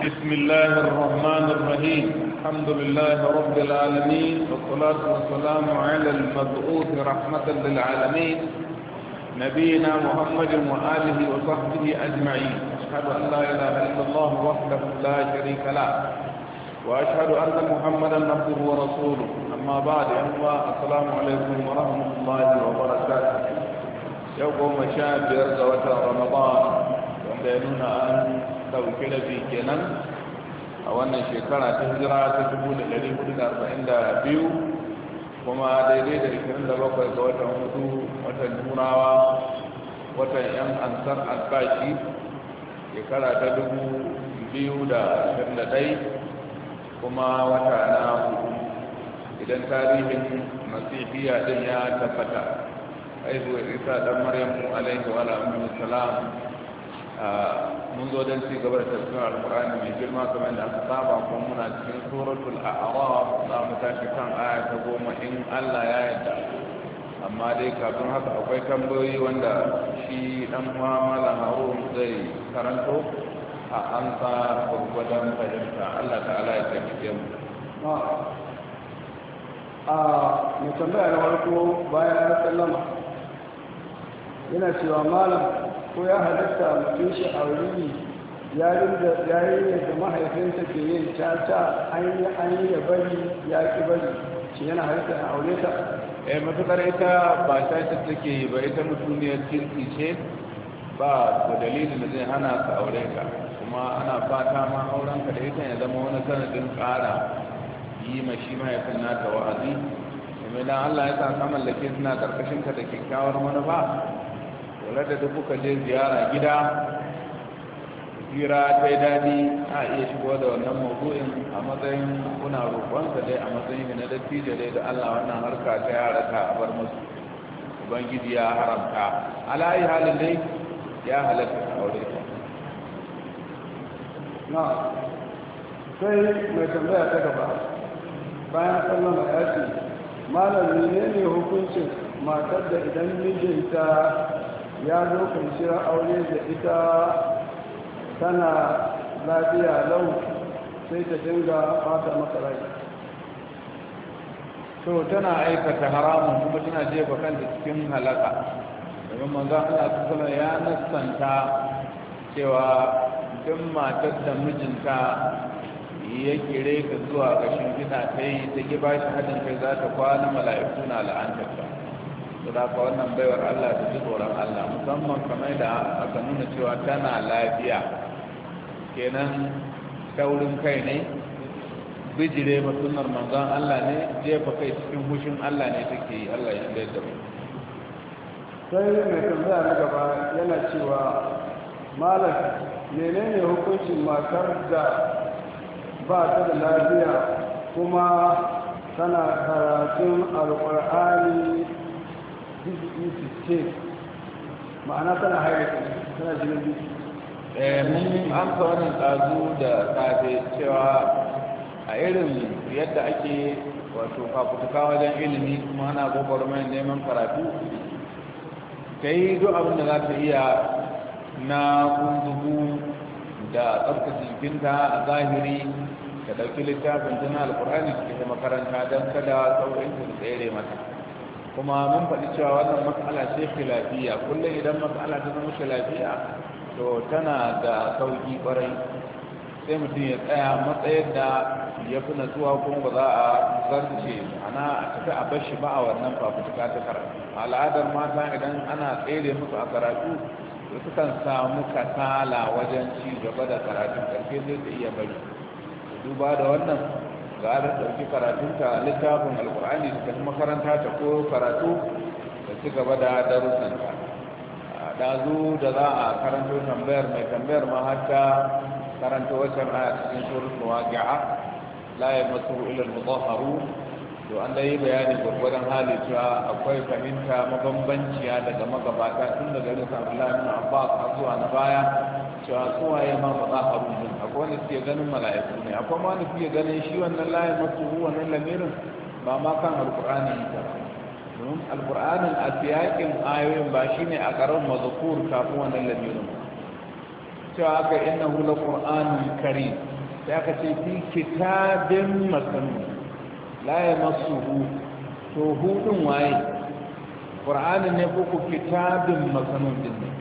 بسم الله الرحمن الرحيم الحمد لله رب العالمين والصلاة والسلام على المبعوث رحمة للعالمين نبينا محمد وآله وصحبه أجمعين أشهد أن لا إله إلا الله وحده لا شريك له وأشهد أن محمدا عبده ورسوله أما بعد أما السلام عليكم ورحمة الله وبركاته يوم شاب يرجى رمضان وعندنا أن ɗauki rabi kenan a wannan shekara ta hijira ta dubu da hudu da arba'in da biyu, kuma daidai da rikirin da bakwai ga watan hudu watan nunawa watan yan ansar albashi shekara ta dubu biyu da da 2021 kuma wata na hudu idan tarihin masifiya din ya tabbata aizuwa isa dan maryamu alaihi wa alaihi salam mun zo don ci gaba da tafsirin alkur'ani mai girma kamar da aka saba ko muna cikin suratul a'raf za mu tashi kan aya ta goma in Allah ya yadda. amma dai kafin haka akwai tambayoyi wanda shi dan uwa malam harun zai karanto a ansa gwargwadon fahimta Allah ta'ala ya taimake mu a mai tambaya na farko bayan sallama yana cewa malam ko ya halitta mutum shi a wuri ya yi da mahaifinta ke yin cata an yi an yi bari ya ki bari shi yana halitta a aure ta eh matukar ita ba ta take yi ba ita mutumiyar kirki ce ba da dalilin da zai hana ka aure ka kuma ana fata ma auren ka da ita ya zama wani sanadin ƙara yi ma shi mahaifin nata wa'azi kuma idan Allah ya sa ka mallake suna karkashin ka da kyakkyawar manufa rada da kuka je ziyara gida hira ta yi daɗi a iya shigo da wannan mabu'in a matsayin kuna roƙonsa dai a matsayin na dattijo dai da allah wannan harka ta yara ta a bar musu ubangiji ya haramta alayi halin dai ya halatta aure ta na sai mai tambaya ta gaba bayan sallan a ce malam ne ne hukuncin matar da idan mijinta ya zo kwanciyar aure da ita tana lafiya lau sai ta dinga fata masa so tana aikata haramun kuma tana jefa kanta cikin halaka domin manzo ana sallallahu ya nassanta cewa duk matar da mijinta ya kire ka zuwa ga shimfiɗa ta yi ta ki bashi haɗin kai za ta kwana mala'iku na la'antarta su ka wannan baiwar Allah da ji tsoron Allah musamman kamar da aka nuna cewa tana lafiya kenan taurin kai ne bijire masunar manzon Allah ne jefa kai cikin hushin Allah ne take yi Allah ya da mu sai mai tambaya na gaba yana cewa malam menene hukuncin matar da ba ta da lafiya kuma tana karatun alƙur'ani 60 ma'ana tana haifar tana jinin eh, mun amsa da tafe cewa a irin yadda ake wato fafutuka wajen ilimi kuma ana gobar mai neman karatu ka yi duk abin da za ta iya na kunzugu da tsabtace jikinta a zahiri ka ɗauki littafin tana alkur'ani cikin makaranta don kada saurin su tsere mata kuma mun faɗi cewa wannan matsala ce filafiya kullum idan matsala ta zama filafiya to tana da sauƙi ƙwarai sai mutum ya tsaya matsayin da ya fi zuwa kuma ba za a zarce ana a tafi a bashi ba a wannan fafutuka ta karatu al'adar mata idan ana tsere musu a karatu to sukan samu kasala wajen ci gaba da karatu, karfe zai iya bari duba da wannan gara ɗauki karatunta a littafin alkur'ani da tafi makaranta ta ko karatu da ci gaba da darussanta a zu da za a karanto tambayar mai tambayar ma hatta karanto wacan a cikin surutu waƙi'a la ya masu ilal mutahharu to an dai bayani gwargwadon hali cewa akwai fahimta mabambanciya daga magabata tun daga irin sa ibn Abbas har zuwa na baya cewa ya ma ba za a rubu akwai wanda suke ganin mala'iku ne akwai ma wanda suke ganin shi wannan layin masu na lamirin ba ma kan alƙur'anin ita domin alƙur'anin a siyakin ayoyin ba shi ne a ƙarar mazakur kafin wannan lamirin cewa aka ina hula ƙur'anin kari Ya ka ce fi kitabin masanu layin masu hu to hudun waye ƙur'anin ne ko kitabin masanu din ne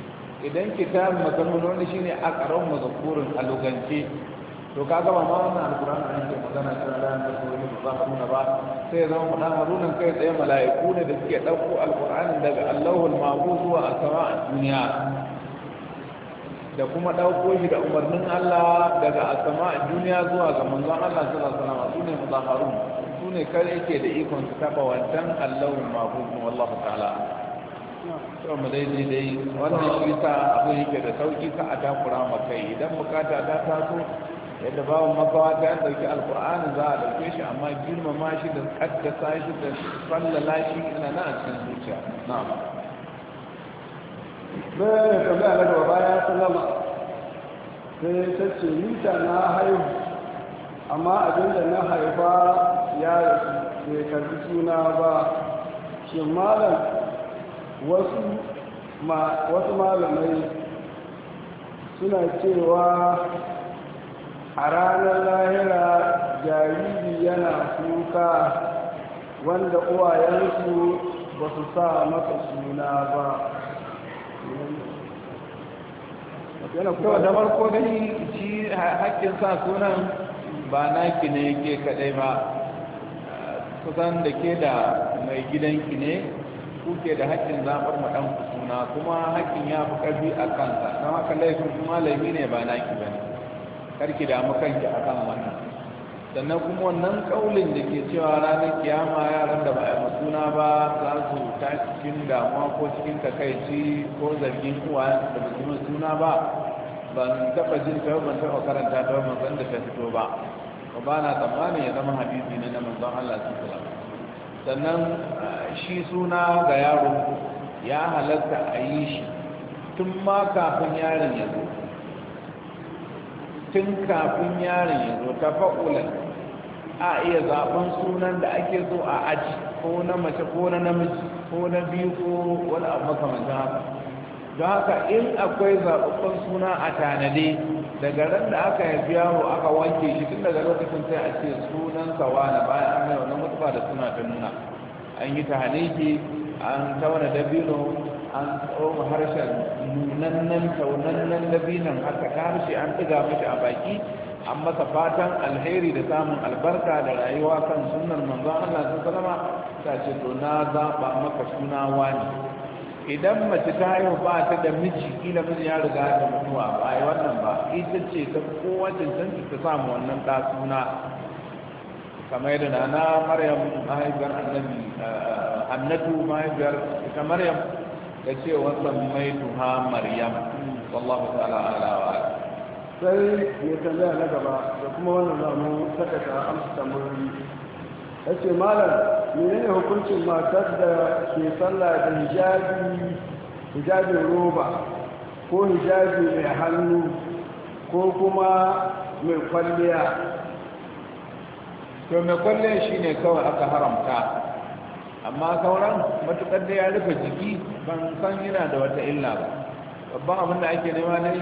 idan kitabun mazammun wanda shine aqran mazkurun a lugance to ka gaba ma wannan alqur'ani an ke magana cewa da an tasu wani ba haruna ba sai zama mu dan haruna kai tsaye mala'iku ne da suke ɗauko alqur'anin daga Allahul mahfuz zuwa as-sama'a duniya da kuma ɗauko shi da umarnin Allah daga as-sama'a duniya zuwa ga manzon Allah sallallahu alaihi wasallam sune muzaharun sune kare ke da ikon su taɓa wancan Allahul mahfuz wallahu ta'ala to mu dai dai wannan shi sa abin yake da sauki ka a takura ma kai idan bukata ta taso yadda babu makawa ta dauki alkur'ani za a dauke shi amma girmama shi da kaddasa shi da sallala shi ina na a cikin zuciya na'am bayan tambaya na gaba baya sallama sai ta ce nita na haihu amma abinda na haifa ya rasu karbi suna ba shin malam wasu malamai suna cewa a ranar lahira jariri yana kuka wanda uwayensu ba su sa masa suna ba yana kuma da gani shi hakkin sa sunan ba naki ne ke kadai ba kusan da ke da mai gidanki ne kuke da haƙƙin zaɓar mu ɗan kuma haƙƙin ya fi ƙarfi a kansa don haka laifin kuma laifi ne ba naki ba ne karki damu kanki a kan wannan sannan kuma wannan ƙaulin da ke cewa ranar kiyama yaran da ba a suna ba za su ta cikin damuwa ko cikin takaici ko zargin uwa da ba su suna ba ban taɓa jin ta ban taɓa karanta ta ban san da ta fito ba ba na tsammanin ya zama hadisi ne na manzon Allah sallallahu alaihi wasallam sannan ah, shi suna ga yaro ya halatta a yi shi tun ma kafin yaron ya zo tun kafin yaron ya zo ta fa'ulan a iya zaɓen sunan da ake zo a aji ko na mace ko na namiji ko na biyu ko wani abu makamanta haka don haka in akwai zaɓaɓɓen suna a tanade daga ran da aka yi yaro aka wanke shi tun daga lokacin sai a ce sunan sawa na baya an mai wannan mutuwa da suna ta nuna an yi ta haniki an tauna dabino an tsoma harshen nunannen taunannen dabinon haka ta harshe an ɗiga mashi a baki an masa fatan alheri da samun albarka da rayuwa kan sunan manzon Allah sun salama ta ce to na zaɓa maka suna wani idan mace ta yi ba ta da miji kila miji ya riga da mutuwa ba ai wannan ba ita ce ta kowace canci ta samu wannan ɗa suna kamar yadda na maryam mahaifiyar annabi annatu mahaifiyar ita maryam da ce wannan mai tuha maryam wallahu ta'ala ala wa sai ya tambaya na gaba da kuma wannan zamu saka ta amsa tambayoyi ya ce malam menene hukuncin matar da ke sallah da hijabi hijabin roba ko hijabi mai hannu ko kuma mai kwalliya to mai kwalliya shi ne kawai aka haramta amma sauran matukar da ya rufe jiki ban san yana da wata illa ba babban abin da ake nema ne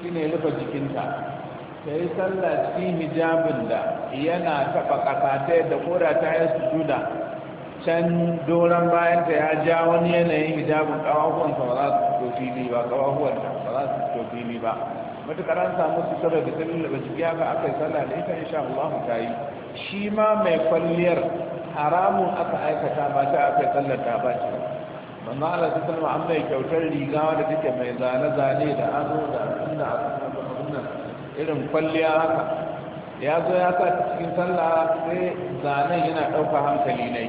shi ne rufe jikinta ta yi sallah cikin hijabin da yana taɓa ƙasa ta yadda koda ta yi sujuda can doron bayan ta ya ja wani yanayin hijabin ƙawahuwansa ba za su fito fili ba ƙawahuwanta ba za su fito fili ba matuƙar an samu sutura da da lullaba biya ba aka yi sallah da ita insha Allah ta yi shi ma mai kwalliyar haramun aka aikata ba ta aka yi sallah ta ba ce ba ma'ala su sallama an mai kyautar rigawa da take mai zane-zane da ado da inda irin kwalliya haka ya zo ya sa cikin sallah sai zanen yana ɗauka hankali ne.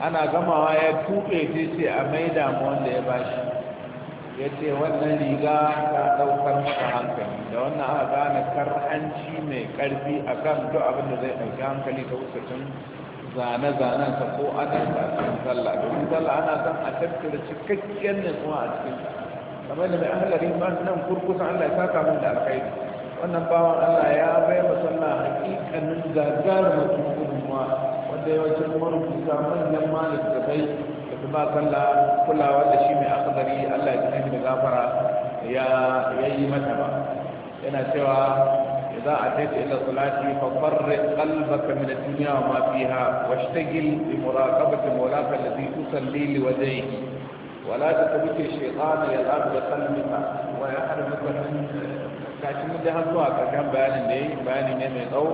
ana gamawa ya tuɓe ce ce a mai damuwan da ya bashi ya ce wannan riga ta ɗaukar masa hankali da wannan aka gane karhanci mai ƙarfi a kan duk abin da zai ɗauki hankali ta wuce zane-zanen ta ko ana ta cikin sallah domin sallah ana son a tattara cikakken nutsuwa a cikin kamar da mai ahalari ma nan kurkusa Allah ya saka min da alkhairi wannan bawan allah ya bai masalla hakikanin gagarumin gudunmuwa wanda yawancin marubuta manyan malik da bai da kuma sallah kulawa da shi mai akadari allah ya tunani da gafara ya yi mata ba yana cewa إذا أتيت إلى صلاتي ففرق قلبك من الدنيا وما فيها واشتغل بمراقبة مولاك الذي تصلي لوجهه ولا تترك الشيطان يلعب بقلبك ويحرمك من shi mun da har zuwa ƙarshen bayanin da yi bayani ne mai tsawo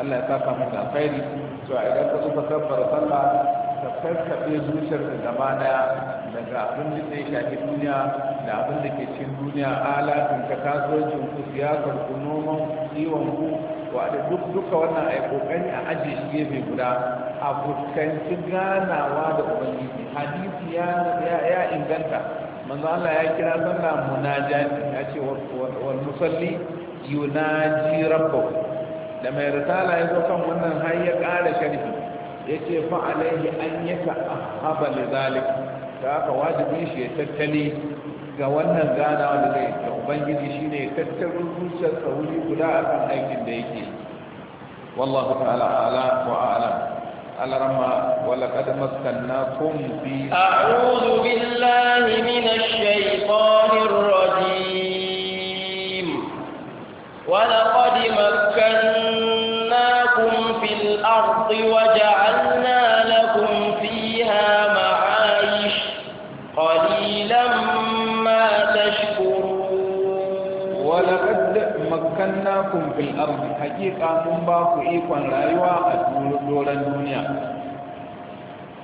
Allah ya saka mu da alkhairi to a idan ka tsufa kabbara sallah ka karkaɗe zuciyar da gaba ɗaya daga abin da zai shafi duniya da abin da ke cikin duniya alatin ka kasuwancin ku siyasar ku noman kiwon ku wadda duk duka wannan a yi kokari a ajiye shi gefe guda a fuskanci ganawa da ubangiji hadisi ya inganta manzo Allah ya kira sallah munajati ya ce wal musalli yunaji rabbahu da mai risala ya kan wannan har ya kare sharhi ya ce fa alaihi an ya li zalik da aka wajibi shi ya tattali ga wannan ganawa da zai ta ubangiji shine ya tattaro zuciyarsa wuri guda akan aikin da yake wallahu ta'ala ala wa a'lam الرما ولقد مكناكم في أعوذ بالله من الشيطان الرجيم ولقد مكناكم في الأرض وجعلنا kun fil ardi hakika mun ba ku ikon rayuwa a doron duniya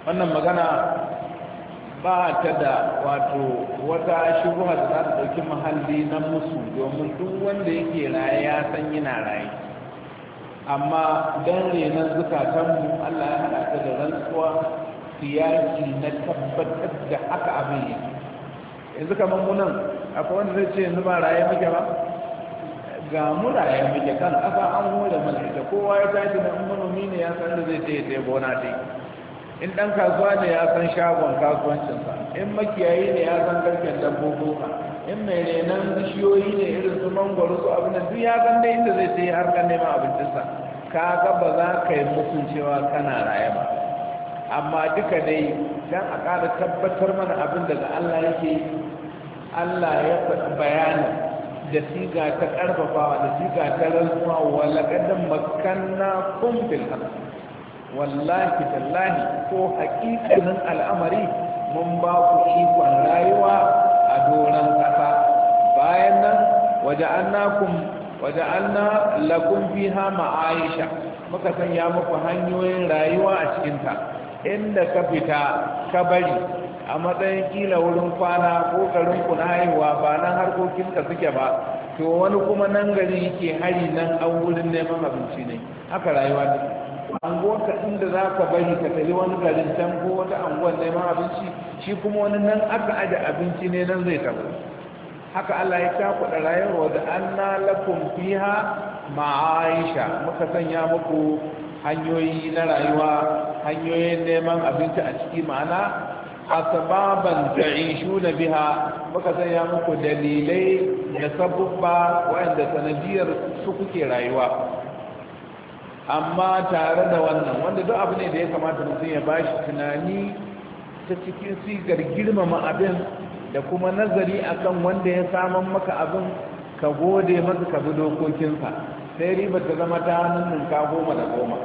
wannan magana ba ta da wato wata shubuha da za ta dauki mahalli na musu domin duk wanda yake raye ya san yana raye amma don renon zukatanmu allah ya haɗa ta da rantsuwa siyaki na tabbatar da haka abin yanzu kamar munan akwai wanda zai ce yanzu ba raye muke ba ga ya muke kan ƙasa an hura mana ita kowa ya tashi na manomi ne ya san da zai taya taya gona ta in ɗan kasuwa ne ya san shagon kasuwancinsa in makiyayi ne ya san garken ka in mai renon bishiyoyi ne irin su mangwaro su abin da duk ya san da inda zai taya harkar neman abincinsa ka ga ba za ka yi musun cewa kana raye ba amma duka dai dan a ƙara tabbatar mana abin da Allah yake Allah ya faɗi bayanin da siga ta karfafawa da siga ta rantsuwa wa laqadan makanna kum fil wallahi tallahi ko haƙiƙanin al'amari mun ba ku ikon rayuwa a doron kasa. bayan nan waja'annakum waja'anna lakum fiha ma'aisha muka sanya muku hanyoyin rayuwa a cikinta inda ka fita ka bari a matsayin kila wurin kwana ko garinku na haihuwa ba nan harkokinka suke ba to wani kuma nan gari yake hari nan an wurin neman abinci ne haka rayuwa ne anguwarka inda za ka bari ka tafi wani garin can ko wata anguwar neman abinci shi kuma wani nan aka aje abinci ne nan zai tafi haka Allah ya takuɗa rayuwa da anna lakum fiha ma'aisha muka sanya muku hanyoyi na rayuwa hanyoyin neman abinci a ciki ma'ana asbaban ta'ishuna biha muka sanya muku dalilai da sabubba wanda sanadiyar su kuke rayuwa amma tare da wannan wanda duk abu ne da ya kamata mutum ya bashi tunani ta cikin sigar girmama abin da kuma nazari akan wanda ya saman maka abin ka gode maka ka bi dokokinsa sai riba ta zama ta hannun ka goma da goma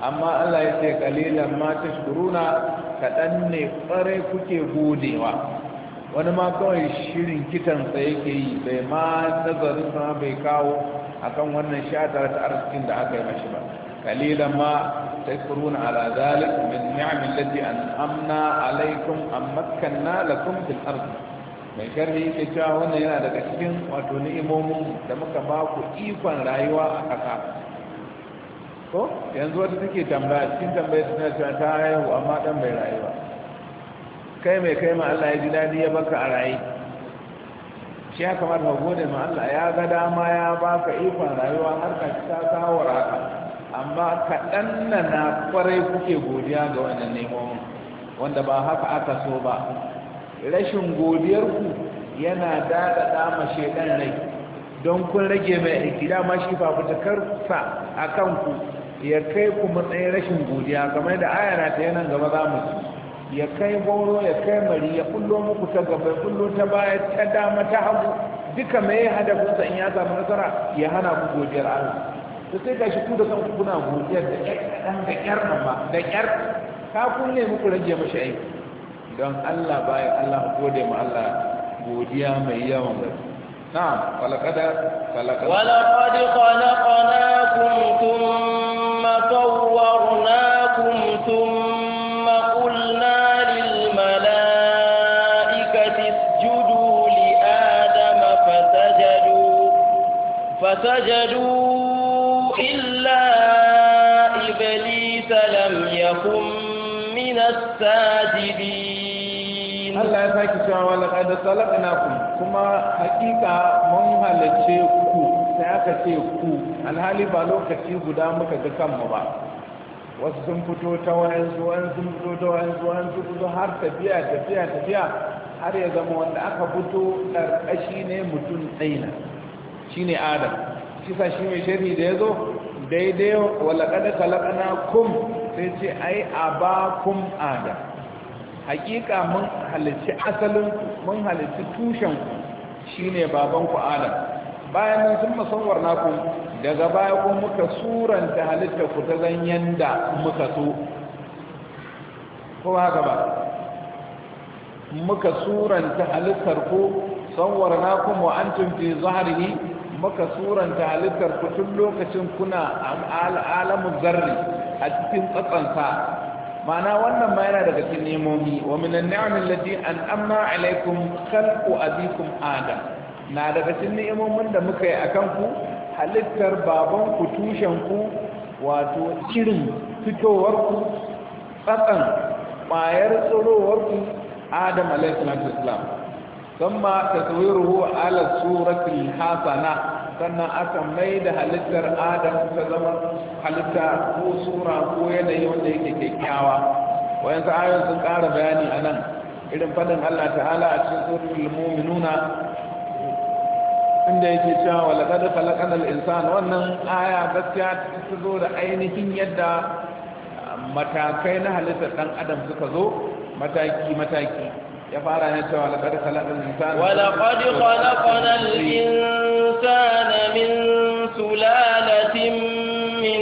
amma Allah ya ce kalilan ma tashkuruna kaɗan ne ƙwarai kuke godewa wani ma kawai shirin kitansa yake yi bai ma nazarin sa bai kawo akan wannan shatar ta arzikin da aka yi mashi ba kalilan ma تذكرون على ذلك من نعم an amna alaikum أن makanna lakum fil الأرض mai sharhi yake cewa wannan yana daga cikin wato ni'imomin da muka ba ku ikon rayuwa a ƙasa ko yanzu wata take tambaya cikin tambaya suna cewa ta haihu amma dan bai rayu ba kai mai kai ma Allah ya ji dadi ya baka a rayu shi ya kamata ka gode ma Allah ya ga dama ya baka ikon rayuwa har ka ta kawo raka amma kaɗan na na kwarai kuke godiya ga wannan neman wanda ba haka aka so ba rashin godiyarku yana daɗaɗa dama shaidan rai don kun rage mai aiki dama shi sa a kanku ya kai ku matsayin rashin godiya kamar da ayana ta yanan gaba za mu ci ya kai goro ya kai mari ya kullo muku ta gaba ya kullo ta baya ta dama ta hagu duka mai hadafinsa in ya samu nasara ya hana ku godiyar Allah to sai gashi ku da kanku kuna godiyar da ƴar kaɗan da ƴar nan ba da ƴar ka kunne muku rage mashi aiki don Allah baya, Allah gode ma Allah godiya mai yawan gaske نعم ولقد خلقناكم ولقد خلقناكم ثم ثم صورناكم ثم قلنا للملائكة اسجدوا لآدم فسجدوا فسجدوا إلا إبليس لم يكن من الساجدين حقيقة من aka ce ku alhali ba lokaci guda muka ga kanmu ba wasu sun fito ta wayansu wayansu sun fito ta wayansu wayansu fito har tafiya tafiya tafiya har ya zama wanda aka fito ƙarƙashi ne mutum ɗaina shi ne adam kisa shi mai shari da ya zo daidai walaƙada kalakana kum sai ce ai a ba kum adam hakika mun halicci asalin mun halicci tushen shi ne babanku adam bayan nan sun masauwar naku daga baya kun muka suranta halitta ku ta zanyen da muka so ko haka ba muka suranta halittar ku sauwar naku wa an fi zahari muka suranta halittar ku tun lokacin kuna alamun zarri a cikin tsatsansa ma'ana wannan ma yana daga cin nemomi wa minan ni'amin lati an amma alaikum khalqu abikum adam na daga cikin ni'imomin da muka yi akan ku halittar baban ku tushen ku wato kirin fitowar ku tsakan ƙwayar tsorowar ku adam alaihi salatu ma ta taswiruhu ala suratil hasana sannan aka mai da halittar adam ta zama halitta ko sura ko yanayi wanda yake kyakkyawa Wayan ayoyin sun ƙara bayani a nan irin faɗin allah ta'ala a cikin suratul muminuna inda yake cewa wala kada insan wannan aya gaskiya ta zo da ainihin yadda matakai na halittar dan adam suka zo mataki mataki ya fara ne cewa insan min sulalatin min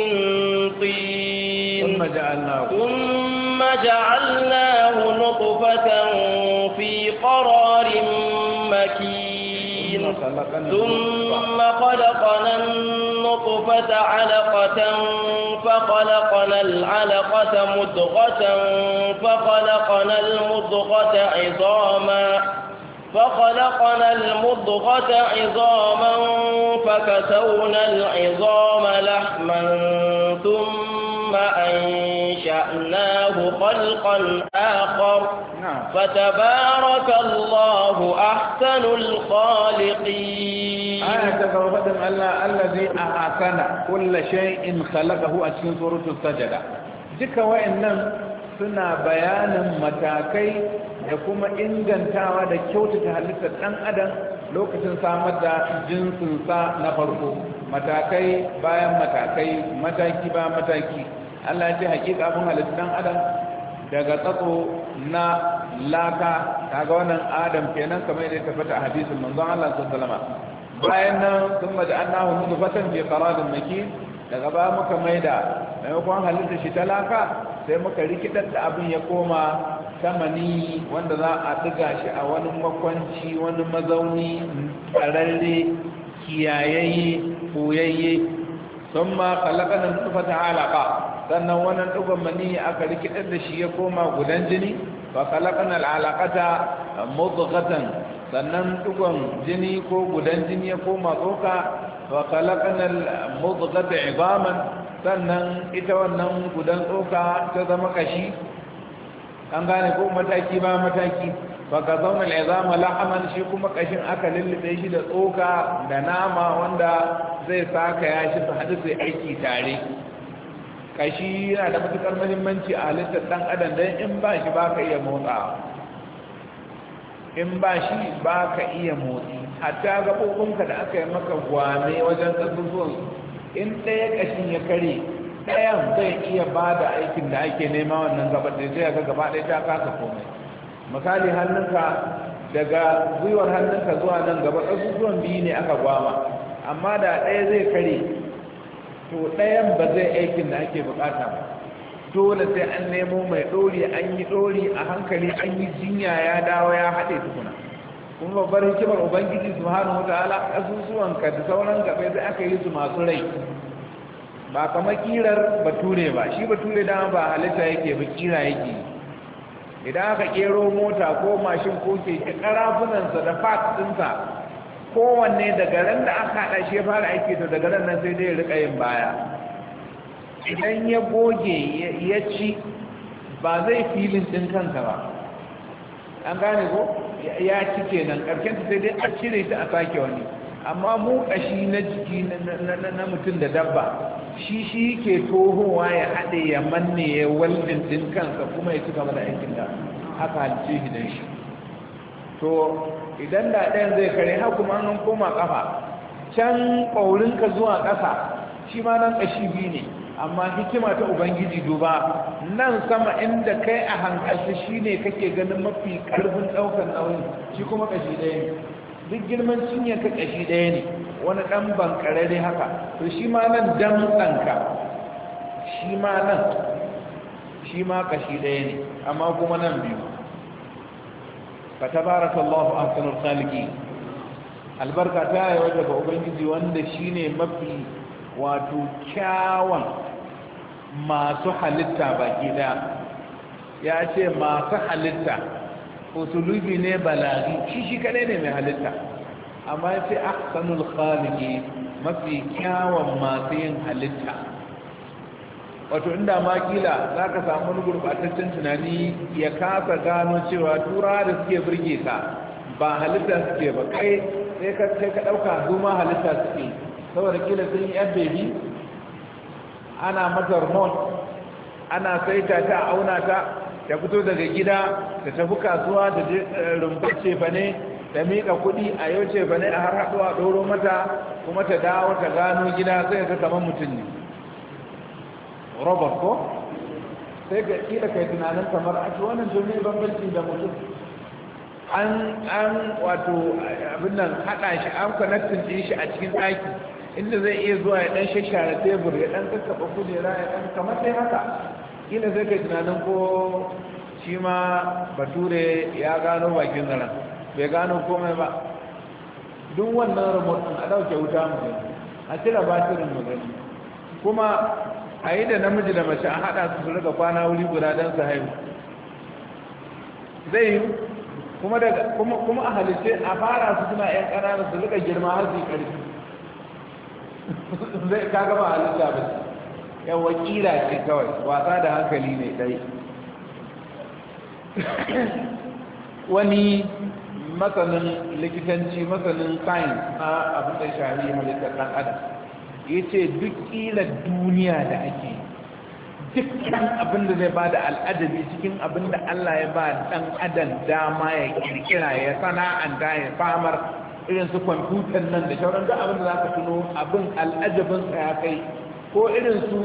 ثم خلقنا النطفة علقة فخلقنا العلقة مضغة فخلقنا المضغة عظاما فخلقنا المضغة عظاما فكسونا العظام لحما ثم خلقناه خلقا آخر فتبارك الله أحسن الخالقين آية تفرفتم ألا الذي أحسن كل شيء خلقه أشكين سورة السجدة ذكا wayannan سنا بيانا متاكي da kuma ingantawa da kyautata halittar ɗan adam lokacin samar da jinsinsa na farko matakai bayan matakai mataki ba mataki Allah ya ce hakika abin halittu dan adam daga tsatso na laka kaga wannan adam kenan kamar yadda ya fata a hadisin manzon Allah sallallahu alaihi bayan nan sun da annahu nutfatan fi qararin makin daga ba muka maida maimakon halitta shi ta laka sai muka rikidar da abin ya koma tamani wanda za a diga shi a wani makwanci wani mazauni tsararre kiyayayye koyayye sun ma kalakanin tufa ta halaka sannan wannan dugon maniyi aka rikidar da shi ya koma gudan jini fa khalaqna al'alaqata mudghatan sannan dugon jini ko gudan jini ya koma tsoka fa khalaqna al-mudghata 'idhaman sannan ita wannan gudan tsoka ta zama kashi an gane ko mataki ba mataki fa ka zauna al'izama lahaman shi kuma kashin aka lullube shi da tsoka da nama wanda zai saka ya shi su haɗu sai aiki tare kashi yana da matuƙar mahimmanci a halittar ɗan adam don in ba shi ba ka iya motsa in ba shi ba ka iya motsi hatta gaɓoɓinka da aka yi maka gwame wajen ƙasusuwan in ɗaya ƙashin ya kare ɗayan zai iya ba da aikin da ake nema wannan gaba da zai ga gaba ɗaya ta kasa komai misali hannunka daga gwiwar hannunka zuwa nan gaba ƙasusuwan biyu ne aka gwama amma da ɗaya zai kare to ɗayan ba zai aikin da ake bukata ba dole sai an nemo mai ɗori an yi ɗori a hankali an yi jinya ya dawo ya haɗe tukuna kuma babbar hikimar ubangiji su hannu wata ala ƙasusuwan ka da sauran gaɓe sai aka yi su masu rai ba kama kirar bature ba shi bature dama ba halitta yake ba kira yake idan aka ƙero mota ko mashin ko keke karafunansa da fat ɗinsa kowanne daga ran da aka haɗa shi ya fara aiki to daga ran nan sai dai rika yin baya idan ya goge ya ci ba zai filin ɗin kanka ba an gane ko ya ci kenan ƙarshen sai dai a cire ta a sake wani amma mu ƙashi na jiki na mutum da dabba shi shi ke tohowa ya haɗe ya manne ya waldin ɗin kansa kuma ya ci gaba da aikin da haka halice shi don shi to idan da ɗayan zai kare har kuma an koma ƙafa can ƙaurinka zuwa ƙasa shi ma nan ƙashi biyu ne amma hikima ta ubangiji duba nan sama inda kai a hankali shi ne kake ganin mafi ƙarfin ɗaukar nauyin shi kuma ƙashi ɗaya ne duk girman cinyar ka ƙashi ɗaya ne wani ɗan ƙarare haka to shi ma nan damtsanka shi ma nan shi ma ƙashi ɗaya ne amma kuma nan biyu فتبارك الله أحسن الخالقين albarka ta yi ubangiji wanda shine mafi wato kyawun masu halitta baki da ya ce masu halitta usulubi ne balari shi shi kadai ne mai halitta amma ya ce ahsanul khaliki mafi kyawun masu yin halitta wato inda ma kila za ka samu wani gurbataccen tunani ya kasa gano cewa tura da suke birge ka ba halitta suke ba kai sai ka sai ka ɗauka zuma ma halitta suke saboda kila sun yi yan bebi ana mata hormone ana saita ta auna ta ta fito daga gida ta tafi kasuwa da eh, rumbar ba ne ta miƙa kuɗi a yau ba ne a har haɗuwa ɗoro mata kuma ta dawo ta gano gida sai ta kamar mutum ne robot ko sai ga kila kai tunanin kamar ake wannan domin bambanci da mutum an an wato abin nan haɗa shi an connectin ɗin shi a cikin ɗaki inda zai iya zuwa ya ɗan shashara tebur ya ɗan kakkaɓa kujera ya ɗan kamar sai haka kila sai kai tunanin ko shi ma bature ya gano bakin zaren bai gano komai ba duk wannan remote a dauke wuta mu gani a cire batirin mu gani kuma a yi da namiji da mace a haɗa su su rika kwana wuri guda don su haihu zai yi kuma daga kuma a halice a fara su suna yan ƙanana su rika girma har su yi ƙarfi zai ka gama halitta ba yan wakila ce kawai wasa da hankali ne ɗai wani masanin likitanci masanin science na abin da shari'a halittar ɗan adam ya ce duk ƙila duniya da ake dukkan abin da zai ba da al'adabi cikin abin da Allah ya ba ɗan adam dama ya kirkira ya sana'anta ya famar irin su kwamfutan nan da shauran duk abin da za ka tuno abin al'ajabinsa ya kai ko irin su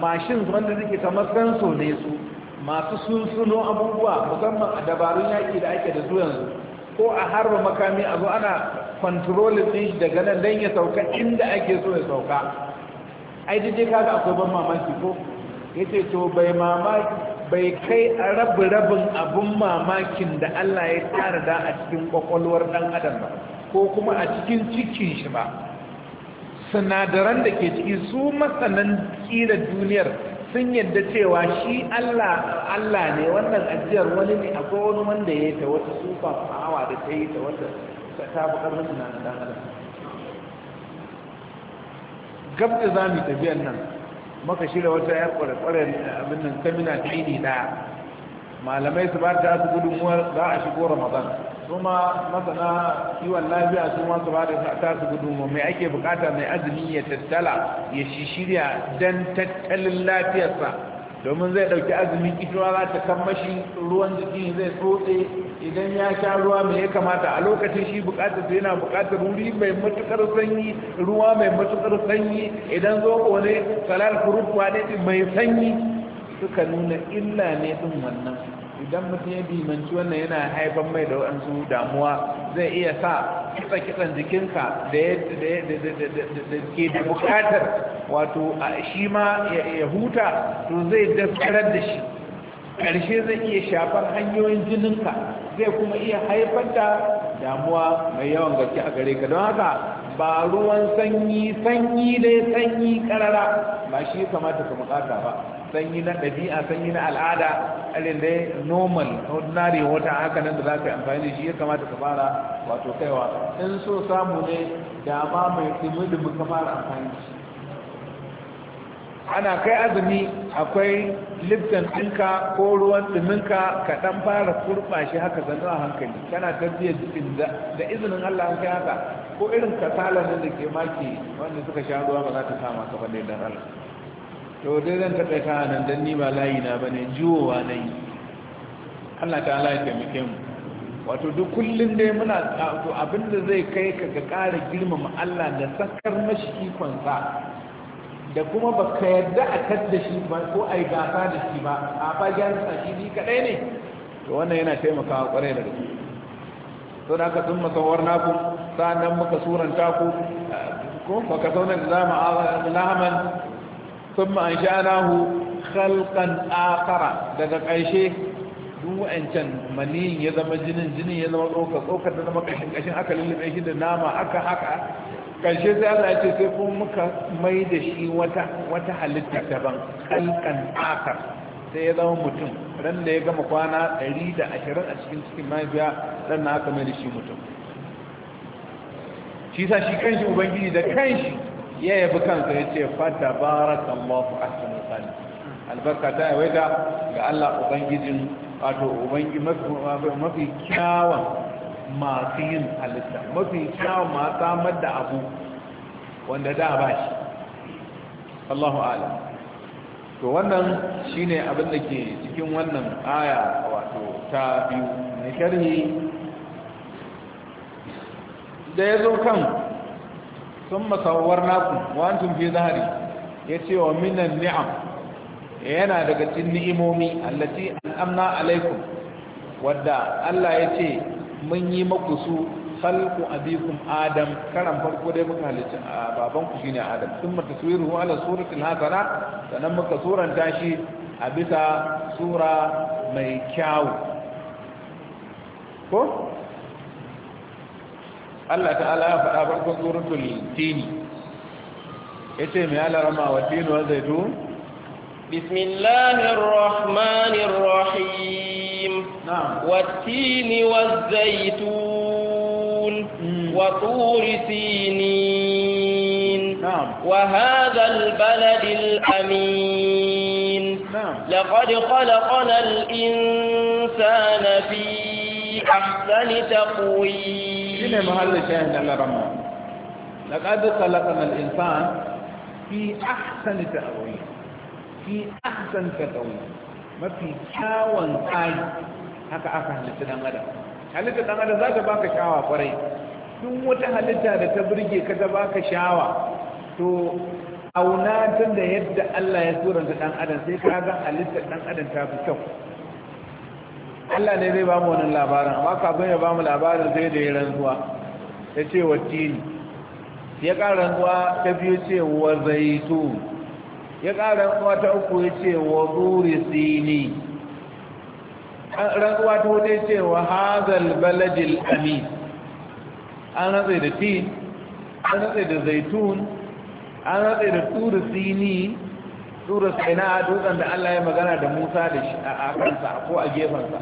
mashin wanda suke ta sanso ne su masu sunsuno abubuwa musamman a dabarun yaƙi da ake da su yanzu ko a harba makami a zo ana kontrolin din shi daga nan don ya sauka inda ake so ya sauka ai dai ga akwai ban mamaki ko ya to bai mamaki bai kai rabu-rabin abin mamakin da Allah ya tara da a cikin kwakwalwar dan adam ba ko kuma a cikin cikin shi ba sinadaran da ke ciki su masanan kira duniyar sun yadda cewa shi Allah Allah ne wannan ajiyar wani ne akwai wani wanda ya yi ta wata super power da ta yi ta wata ta bukar masu na adam gab da za mu tafiyar nan maka shirya wata ya kwarekwarar eh, abin nan samina ɗini ɗaya malamai su ba ta su gudunmuwar za a shigo ramadan kuma masana kiwon lafiya su ma su ba ta su gudunmuwar mai ake bukata mai azumi ya tattala ya shi shirya don tattalin lafiyarsa domin zai ɗauki azumi ita za ta ruwan jiki zai tsotse idan ya sha ruwa mai ya kamata a lokacin shi bukatar sai yana bukatar wuri mai matukar sanyi ruwa mai matukar sanyi idan zobo ne salar furut wane mai sanyi suka nuna illa ne din wannan idan mutum ya bimanci wannan yana haifar mai da waɗansu damuwa zai iya sa kitsa-kitsan jikinka da ke da bukatar wato shi ma ya huta to zai daskarar da shi ƙarshe zai iya shafar hanyoyin jininka zai kuma iya haifar da damuwa mai yawan gaske a gare ka don haka ba ruwan sanyi sanyi dai sanyi karara ba shi kamata ka bukata ba sanyi na ɗabi'a sanyi na al'ada alin dai normal ordinary wata haka nan da za ka yi amfani da shi ya kamata ka fara wato kaiwa in so samu ne dama mai tsimi da muka fara amfani da shi ana kai azumi akwai liftan ɗinka ko ruwan ɗuminka ka ɗan fara kurɓa shi haka sannu a hankali kana tafiyar jikin da izinin Allah kai haka ko irin kasala ne da ke maki wanda suka sha ruwa ba za ta kama ka bane da Allah to dai zan taɓa ta nan dan ni ba layi na bane jiwowa na yi Allah ta ala ya taimake mu wato duk kullum dai muna to abinda zai kai ka ga ƙara girmama Allah da sakar mashi ikonsa da kuma ba ka yarda a kadda da shi ba ko a yi gasa da shi ba a fagen sa shi ni kadai ne to wannan yana taimakawa ƙwarai da gaske to da aka sun masawar naku sa'annan muka suranta ku ko ka zauna da zama lahaman sun ma'an sha'anahu khalqan akara daga ƙarshe duk wa'ancan maniyin ya zama jinin jinin ya zama tsokar tsokar da zama ƙashin ƙashin aka lullube shi da nama aka haka Karshe sai Allah ya ce sai kun muka mai da shi wata halitta daban kalkan akar sai ya zama mutum ran da ya gama kwana 120 a cikin cikin mahaifiya ran na aka mai da shi mutum shi sa shi kanshi ubangiji da kanshi ya yabi kansa ya ce fata baraka Allahu ahsanu khaliq albarka ta yawaita ga Allah ubangijin wato ubangi mafi kyawun masu yin halitta mafi kyawun ma samar da abu wanda da ba shi Allahu alam to wannan shine abin da ke cikin wannan aya wato ta biyu mai sharhi da ya zo kan sun masawar naku wantun fi zahari ya ce wa minan ni'am yana daga cikin ni'imomi allati al'amna alaikum wadda Allah ya ce mun yi maku su khalqu abikum adam karan farko dai muka halicci baban ku shine adam Sun mata suwiru ala al hasana sanan muka suranta shi a bisa sura mai kyau ko Allah ta'ala ya faɗa farkon suratul tini yace mai rama wa tini wa zaitun bismillahir rahmanir rahim نعم. والتين والزيتون وطور سينين نعم. وهذا البلد الأمين نعم. لقد خلقنا الإنسان في أحسن تقويم هنا محل شاهد على رمضان لقد خلقنا الإنسان في أحسن تقويم في أحسن تقويم ما في كاوان آيه haka aka halitta dan adam halitta dan adam za ta baka shawa kwarai duk wata halitta da ta burge ka ta baka shawa to auna tun da yadda Allah ya suranta dan adam sai ka ga halitta dan adam ta fi kyau Allah ne zai ba mu wannan labarin amma kafin ya ba mu labarin sai da ya rantsuwa ya ce wa tini ya ƙara rantsuwa ta biyu ce wa zaitu ya ƙara rantsuwa ta uku ya ce wa zuri sini rantsuwa ta wuce wa hazal baladil amin an ratse da tin an ratse da zaitun an ratse da tsuru sini tsuru sina a dutsen da Allah ya magana da Musa da shi a kansa ko a gefensa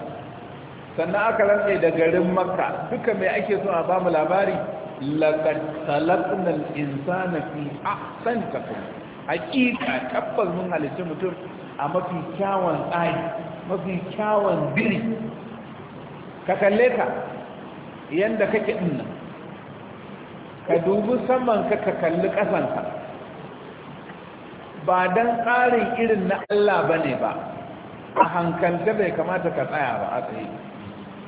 sannan aka rantse da garin makka duka mai ake so a bamu labari laqad khalaqnal insana fi ahsani taqwim hakika tabbas mun halicci mutum a mafi kyawun tsari mafi kyawun biri ka kalle ka yadda kake inna ka dubi saman ka ka kalli kasanta ba don tsarin irin na Allah ba ne ba a hankalta bai kamata ka tsaya ba a tsaye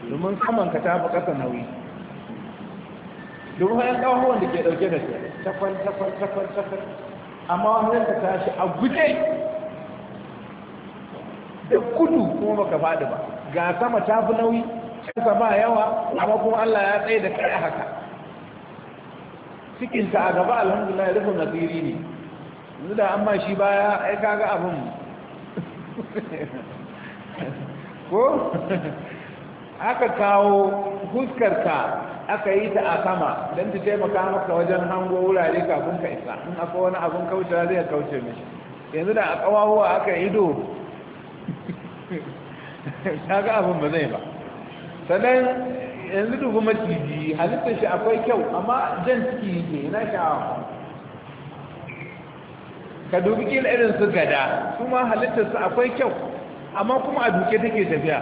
domin saman ta fi ƙasa nauyi domin hanyar ƙawon da ke ɗauke da shi takwal takwal takwal takwal amma wani ta tashi a guje da kudu kuma baka faɗi ba ga sama ta fi nauyi kansa ba yawa amma kuma Allah ya tsaye da kai haka cikinta a gaba alhamdulillah rufe nasiri ne yanzu da amma shi baya ai kaga abin ko aka kawo huskarka aka yi ta a sama don ta taimaka maka wajen hango wurare kafin ka isa in akwai wani abin kaucewa zai kauce mishi yanzu da a kawawa aka ido ga abin ba zai ba sannan yanzu dubu maciji halittar shi akwai kyau amma jan ciki yake yana sha'awa ka dubi kila irin su gada su ma su akwai kyau amma kuma a duke take tafiya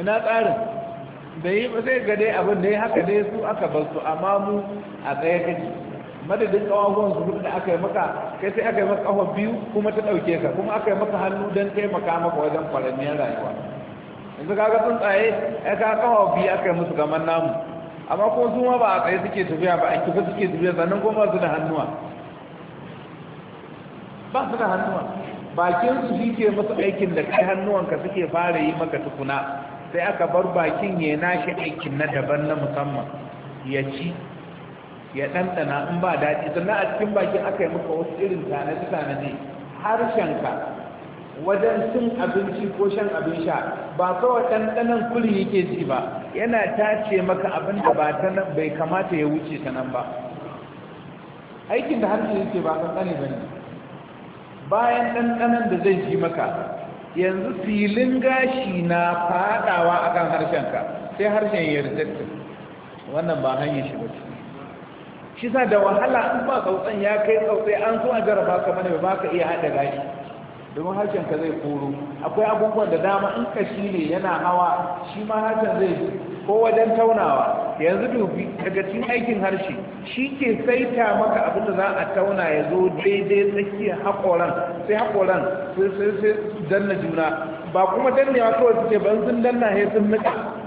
ina tsarin da yi ba zai gade abin da ya haka dai su aka basu amma mu a tsaye kake madadin kawahuwan su da aka yi maka kai sai aka yi maka kafa biyu kuma ta ɗauke ka kuma aka yi maka hannu don taimaka maka wajen kwaranniyar rayuwa yanzu kaga tsuntsaye ai ka kafa biyu aka yi musu gaman namu amma ko su ma ba a tsaye suke tafiya ba a kifa suke tafiya sannan kuma su da hannuwa ba su da hannuwa bakin su shi ke musu aikin da kai hannuwanka suke fara yi maka tukuna sai aka bar bakin ya nashi aikin na daban na musamman ya ci ya ɗanɗana in ba daɗi sannan a cikin bakin aka yi maka wasu irin tanaji harshen harshenka wajen cin abinci ko shan abin sha ba kawai ɗanɗanan kuli yake ji ba yana tace maka abin da ba ta bai kamata ya wuce ta nan ba aikin da harshe yake ba kan ɗane bane bayan ɗanɗanan da zai ji maka yanzu filin gashi na faɗawa akan harshenka sai harshen ya wannan ba hanyar shi ba ce kisa da wahala in ba kautsan ya kai kautsai an so a jarraba ka mana ba ka iya haɗa gashi domin harshen ka zai koro akwai abubuwan da dama in kashi ne yana hawa shi ma harshen zai ko wajen taunawa yanzu dubi daga cikin aikin harshe shi ke saita maka abin da za a tauna ya zo daidai tsakiyar haƙoran sai haƙoran sai danna juna ba kuma dannewa kawai suke ban sun danna sai sun mika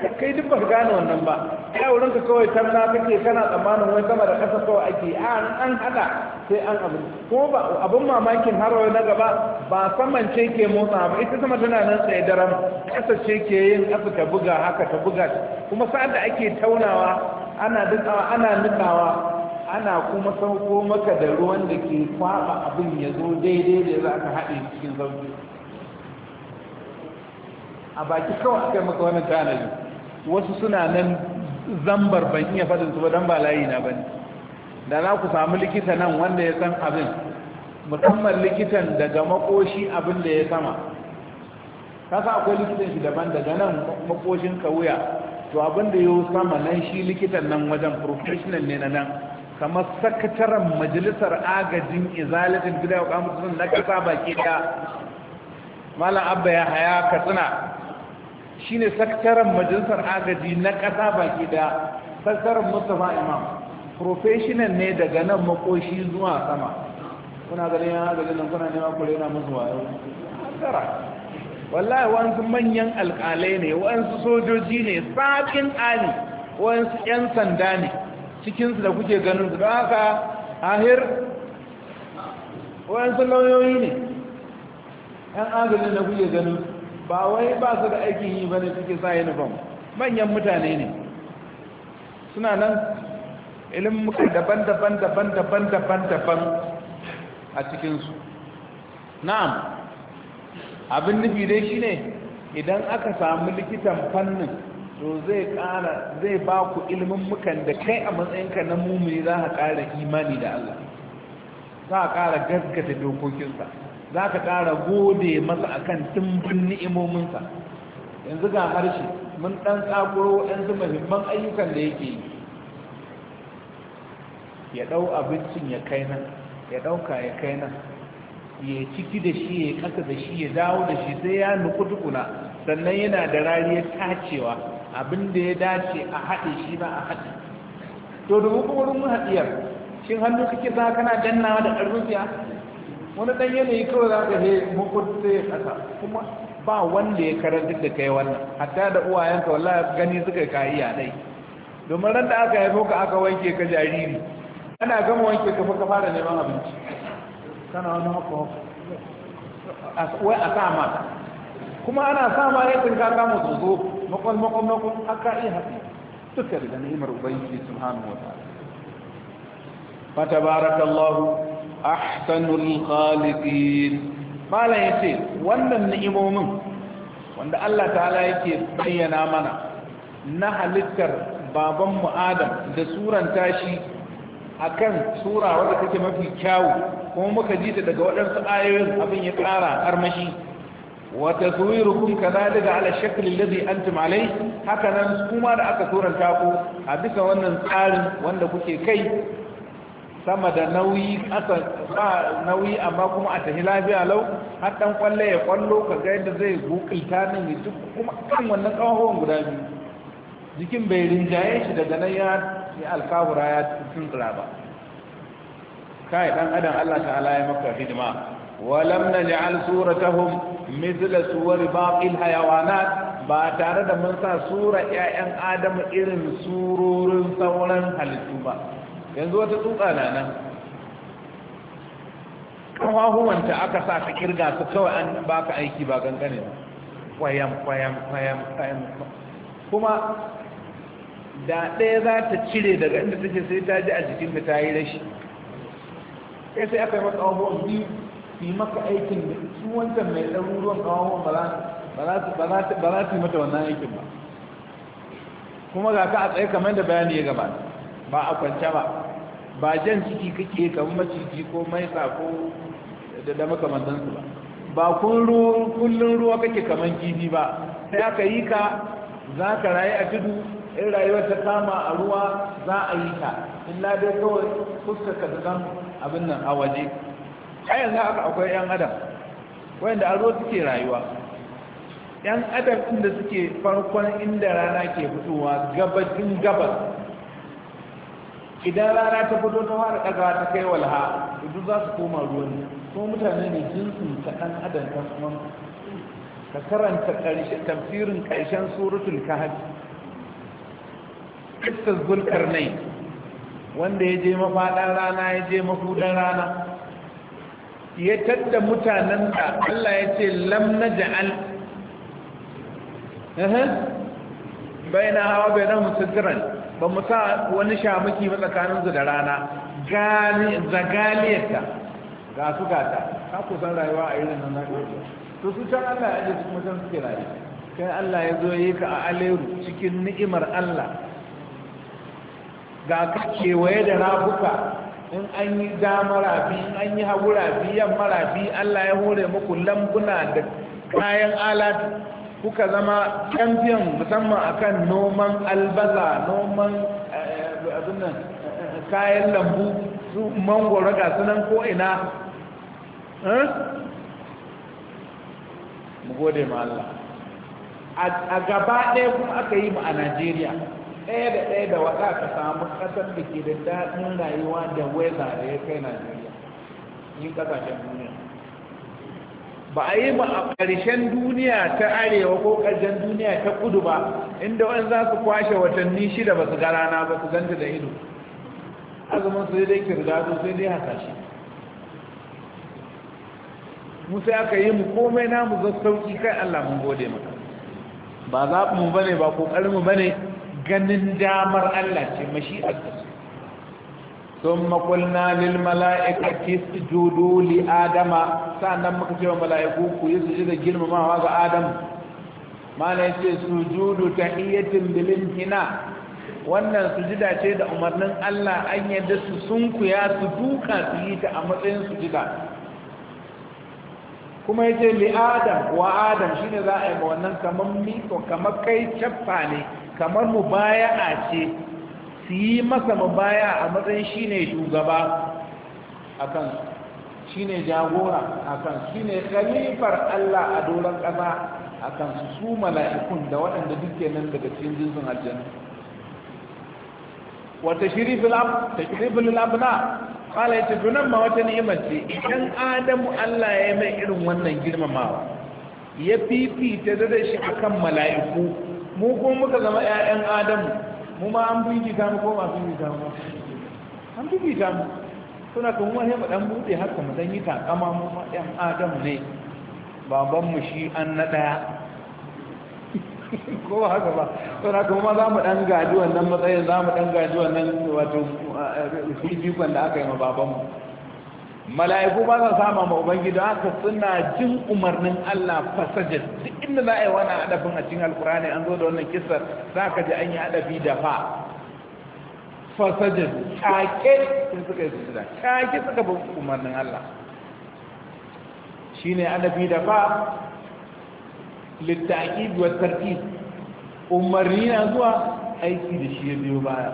kai duk ba gane wannan ba ya wurin ka kawai na kake kana tsammanin wai sama da kasa kawai ake an an hada sai an abin ko ba abin mamakin har wai na gaba ba saman ce ke motsa ba ita sama tana nan tsaye daram kasa ce ke yin kasa ta buga haka ta buga kuma sa'ad da ake taunawa ana dutsawa ana nutsawa ana kuma sauko maka da ruwan da ke kwaba abin ya zo daidai da za ka haɗe cikin sauki a baki kawai aka maka wani tanadi wasu suna nan zambar ban iya faɗin su ba don ba layi na ba da na ku samu likita nan wanda ya san abin musamman likitan daga makoshi abin da ya sama kasa akwai likitan shi daban daga nan makoshin kawuya to abin da ya sama nan shi likitan nan wajen professional ne na nan kamar sakataren majalisar agajin izalatin gida ya kamar na kasa baki da malam abba ya haya katsina Shi ne sakataren majalisar agaji na ƙasa baki da sakataren mustapha imam professional ne daga nan makoshi zuwa sama kuna ganin yana ganin nan kuna nema kure na musu wayo tara wallahi wa'ansu manyan alƙalai ne wa'ansu sojoji ne saƙin ali wa'ansu 'yan sanda ne cikinsu da kuke ganin su don haka ahir wa'ansu lauyoyi ne 'yan agajin da kuke ganin su ba wai ba su da aikin yi bane suke sa nufan manyan mutane ne suna nan ilimuka daban-daban daban-daban daban-daban a cikinsu na'am abin nufi dai shi ne, idan aka samu likitan fannin to zai kara zai ba ku ilimin mukan da kai a matsayinka na mumuni za a kara imani da Allah za ka kara gaskata dokokinsa za ka ƙara gode masa akan dimbin ni'imominsa yanzu ga harshe mun ɗan tsakuro ɗansu mahimman ayyukan da yake yi ya ɗau abincin ya kai nan ya ɗauka ya kai nan ya ciki da shi ya ƙasa da shi ya dawo da shi sai ya nuku tukuna sannan yana da rariyar tacewa abin da ya dace a haɗe shi ba a haɗe to da kuma wurin haɗiyar shin hannu kake za kana dannawa da ƙarfin siya wani ɗan yanayi kawai za ka he mukutu ƙasa kuma ba wanda ya karar duk da kai wannan hatta da uwayenka wallah gani suka ka iya dai domin ran da aka haifo ka aka wanke ka jariri ana gama wanke ka ka fara neman abinci kana wani haka wai a sa ma kuma ana sa ma ya tsinka ka mu zozo makon makon makon aka iya haɗe duka da ni'imar ubangiji subhanahu wa ta'ala fa tabarakallahu ahsanul khaliqin malam yace wannan ni'imomin wanda Allah ta'ala yake bayyana mana na halittar baban mu Adam da suran tashi akan sura wadda take mafi kyawu kuma muka ji ta daga waɗansu ayoyin abin ya ƙara armashi wa taswirukum kadhalika ala shakli alladhi antum alayh haka nan kuma da aka suranta ku a bisa wannan tsarin wanda kuke kai sama da nauyi ƙasa ba nauyi amma kuma a tafi lafiya lau har dan kwalle ya kwallo ka ga yadda zai bukulta nan ya duk kuma kan wannan kawahuwan guda biyu jikin bai rinjaye shi daga nan ya alkawura ya tuntura ba kai dan adam Allah ta'ala ya maka hidima walam naj'al suratahum mithla suwar baqil hayawanat ba tare da mun sa sura ƴaƴan adam irin surorin sauran halittu ba yanzu wata tsutsa na nan kawahuwanta aka sa ka kirga su kawai an baka aiki ba ganganin kwayan kwayan kwayan kwayan kuma da ɗaya za ta cire daga inda take sai ta ji a jikin da ta yi rashi sai sai aka yi maka abubuwan biyu su yi maka aikin da su wancan mai ɗaruruwan kawahuwan ba za su yi mata wannan aikin ba kuma ga ka a tsaye kamar da bayani ya gabata ba a kwance ba ba jan ciki kake kamar maciji ko maisa ko da makamantansu ba ba kullum ruwa kake kamar kifi ba sai aka yi ka za ka rayu a tudu in rayuwar ta kama a ruwa za a yi ka illa dai kawai fuskar ka zan abin nan a waje a yanzu aka akwai yan adam wanda a ruwa suke rayuwa yan adam inda suke farkon inda rana ke fitowa gabas in gabas idan rana ta fito ta fara ɗaga ta kai walha duk za su koma ruwan kuma mutane ne jinsin ta ɗan adam ta kuma ka karanta tafsirin ƙarshen suratul kahf kissa zulkar nai wanda ya je mafadan rana ya je mafudan rana ya tadda mutanen da Allah ya ce lam naj'al eh bayna hawa bayna musajjaran ba mu sa wani shamaki ba tsakaninsu da rana zagaliyarta ga su gata ka kusan rayuwa a irin nan zaka to su can Allah ya ji su mutan suke rayu kai Allah ya zo yi ka a aleru cikin ni'imar Allah ga ka kewaye da rafuka in an yi dama rafi in an yi hagu rafi yamma rafi Allah ya hore muku lambuna da kayan alatu kuka zama champion musamman akan noman albasa noman eh, eh, kayan lambu su mangoro ga sunan ko'ina eh? mu gode ma Allah a gaba ɗaya kuma aka yi mu a Najeriya ɗaya da ɗaya da waɗa ka samu ƙasar da ke da daɗin rayuwa da weza da ya kai Najeriya yin ƙasashen duniya ba a yi ba a ƙarshen duniya ta arewa ko ƙarshen duniya ta kudu ba inda wani za su kwashe watanni shida ba su ga rana ba su ganta da ido azumin su dai kirgado sai dai hasashe mu sai aka yi mu komai na mu zan sauƙi kai allah mun gode maka ba za mu bane ba kokarin mu bane ganin damar allah ce mashi'ar ta ثم قلنا للملائكة اسجدوا لآدم سأنا مكتب ملائكو يسجد جلم ما هذا آدم ما ليس سجود تحية بالانتناء wannan sujida ce da umarnin Allah an yadda su sunkuya su duka su yi ta a matsayin sujida kuma ya ce li wa adam shine za a yi ma wannan kamar miko kamar kai cappa ne kamar mubaya'a ce su yi masa mabaya a matsayin shi ne shugaba a kan shi ne jagora a kan shi ne kalifar Allah a doron ƙasa a kan su mala'ikun da waɗanda duke nan daga cikin jinsin aljanu. wata shirifin labna ƙala ya tafi nan ma wata ni'imar ce idan adamu Allah ya mai irin wannan girmamawa ya fifita da shi akan mala'iku mu kuma muka zama 'ya'yan adamu mu ma an ji mu ko ba bibita mu an ji mu suna kan wani mu dan bude haka mu dan yi takama mu ma dan adam ne baban mu shi an na daya ko haka ba suna kan ma za mu dan gaji wannan matsayin za mu dan gaji wannan wato jikon eh, da aka yi ma baban mu mala'iku ba sa sama ma ubangiji haka suna jin umarnin Allah fasajid duk inda za a yi wani adabin a cikin alkurani an zo da wannan kisar za ka ji an yi adabi da fa fasajid kake sun suka yi sujuda kake suka bi umarnin Allah shine adabi da fa litta'id wa tartib umarni na zuwa aiki da shi ya biyo baya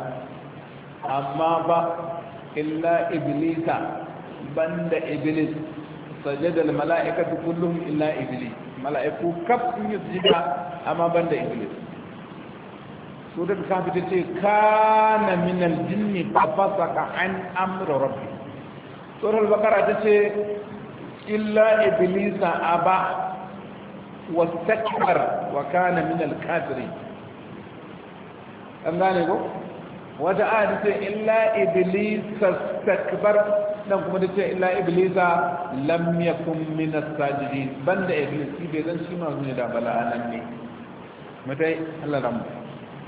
amma ba illa iblisa banda iblis sajada al mala'ikatu kulluhum illa iblis mala'iku kaf sun yi sujada amma banda iblis su da ka fita ce kana min al jinni fa fasaka an amri rabbi sura al baqara ta ce illa iblis aba wastakbar wa kana min al kafirin an gane ko wata aya ta ce illa iblisa takbar nan kuma ta ce illa iblisa lamya yakun min banda iblis shi zan shi masu ne da bala'anan ne mutai Allah ramu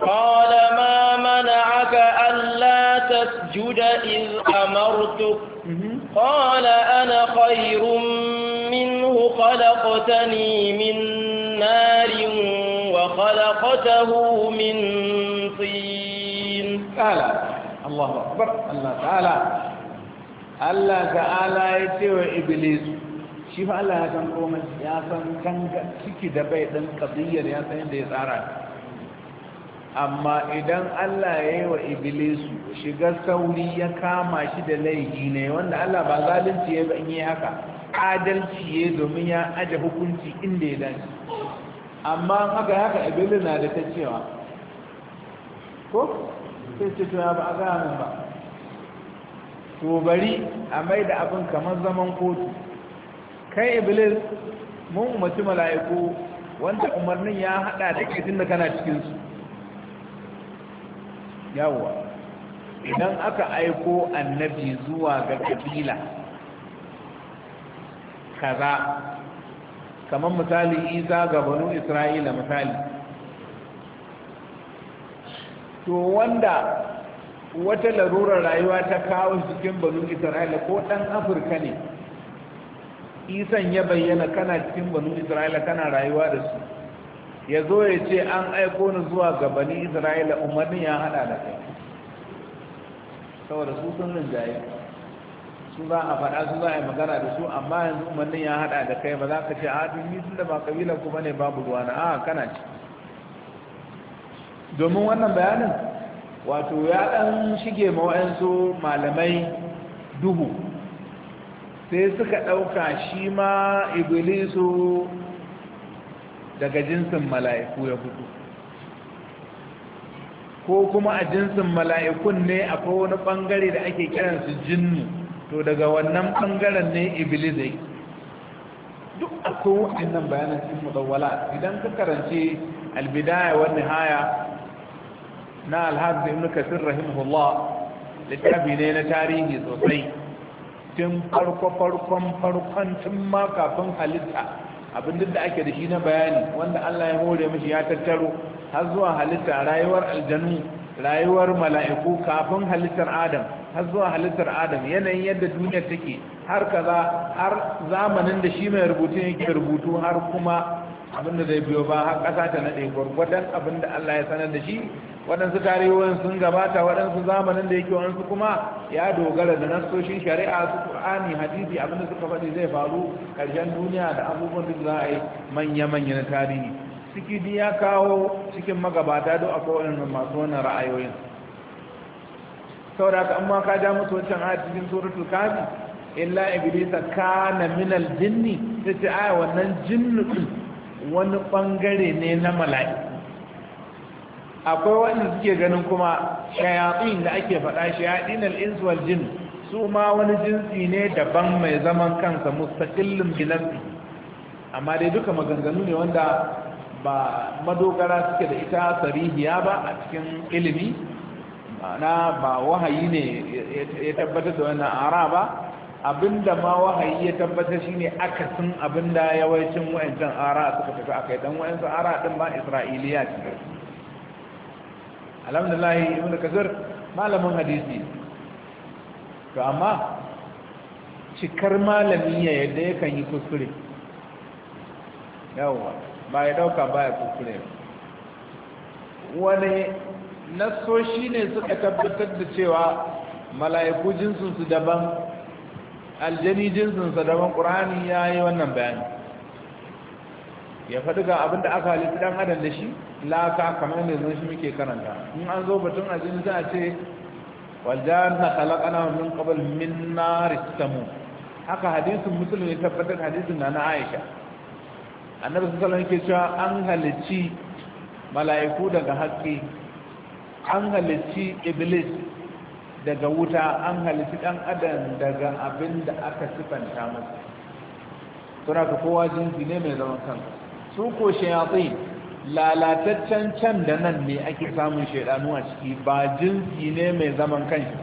قال ما منعك ألا تسجد إذ أمرتك قال أنا خير منه خلقتني من نار وخلقته min طين ta'ala Allah akbar Allah ta'ala Allah ta'ala ya ce wa iblis shi fa Allah ya san komai ya san kanga ciki da bai dan kabiyar ya san yadda ya tsara amma idan Allah ya yi wa iblis shiga sauri ya kama shi da laifi ne wanda Allah ba zalunci ya yi haka adalci ya domin ya aje hukunci inda ya dace amma haka haka iblis na da ta cewa ko sai ce ba a gaya min ba to bari a mai da abin kamar zaman kotu kai iblis mun umarci mala'iku wanda umarnin ya haɗa da kitin da kana cikinsu yawwa idan aka aiko annabi zuwa ga kabila kaza kamar misali isa ga banu isra'ila misali to wanda wata larurar rayuwa ta kawo cikin banu isra'ila ko ɗan afirka ne isan ya bayyana kana cikin banu isra'ila kana rayuwa da su ya zo ya ce an aiko ni zuwa ga isra'ila umarnin ya hada da kai saboda su sun rinjaye su za a faɗa su za a yi magana da su amma yanzu umarnin ya hada da kai ba za ka ce a tun yi da ba kabila ku bane babu ruwa na a kana ciki domin wannan bayanin wato ya dan shige mawa'insu malamai duhu sai suka ɗauka shi ma iblisu daga jinsin mala'iku ya fito ko kuma a jinsin mala'ikun ne akwai wani ɓangare da ake kiransu jinnu to daga wannan ɓangaren ne iblis yake duk akwai wa'annan bayanan cikin mutawala idan ka karanci albidaya wani haya na alhazi ibn kasir rahimahullah littafi ne na tarihi sosai tun farko farkon farkon tun ma kafin halitta abin duk da ake da shi na bayani wanda Allah ya hore mishi ya tattaro har zuwa halitta rayuwar aljanu rayuwar mala'iku kafin halittar adam har zuwa halittar adam yanayin yadda duniya take har kaza har zamanin da shi mai rubutu yake rubutu har kuma abin da zai biyo ba har ƙasa ta naɗe gwargwadon abin da Allah ya sanar da shi waɗansu tarihohin sun gabata waɗansu zamanin da yake waɗansu kuma ya dogara da nasoshin shari'a su ƙur'ani hadisi abinda suka faɗi zai faru ƙarshen duniya da abubuwan da za a yi manya-manya na tarihi ciki din ya kawo cikin magabata duk akwai waɗannan masu wannan ra'ayoyin saboda haka amma ka ja mutu wancan a cikin suratul kafi illa iblisa kana min ta ce a wannan jinnu wani bangare ne na mala'iku akwai wanda suke ganin kuma shayatsin da ake faɗa shayatsin al'ins wal jin su ma wani jinsi ne daban mai zaman kansa mustaqillin binafsi amma dai duka maganganu ne wanda ba madogara suke da ita sarihiya ba a cikin ilimi na ba wahayi ne ya tabbatar da wannan ara ba abinda ma wahayi ya tabbatar shine akasin abinda yawancin wa'ancan ara suka tafi akai dan wa'ancan ara din ba isra'iliya ce alhamdulillah ibn kasir malamin hadisi to amma cikar malami ya yadda ya kan yi kuskure yawwa ba ya dauka ba ya kuskure wani nasoshi ne suka tabbatar da cewa mala'iku jinsinsu daban aljani jinsinsa daban ƙur'ani ya yi wannan bayani ya faɗi ga abin da aka halittu dan adam da shi laka kamar da zan shi muke karanta in an zo batun ajin za a ce waljanna khalaqana min qabl min nar samu haka hadisin musulun ya tabbatar hadisin na na aisha annabi sallallahu alaihi wasallam cewa an halici mala'iku daga haske an halici iblis daga wuta an halici dan adam daga abin da aka sifanta masa sura ka kowa jinsi ne mai zaman kansa su ko shayatsi lalataccen can da nan ne ake samun shaidanu a ciki ba jinsi ne mai zaman kanshi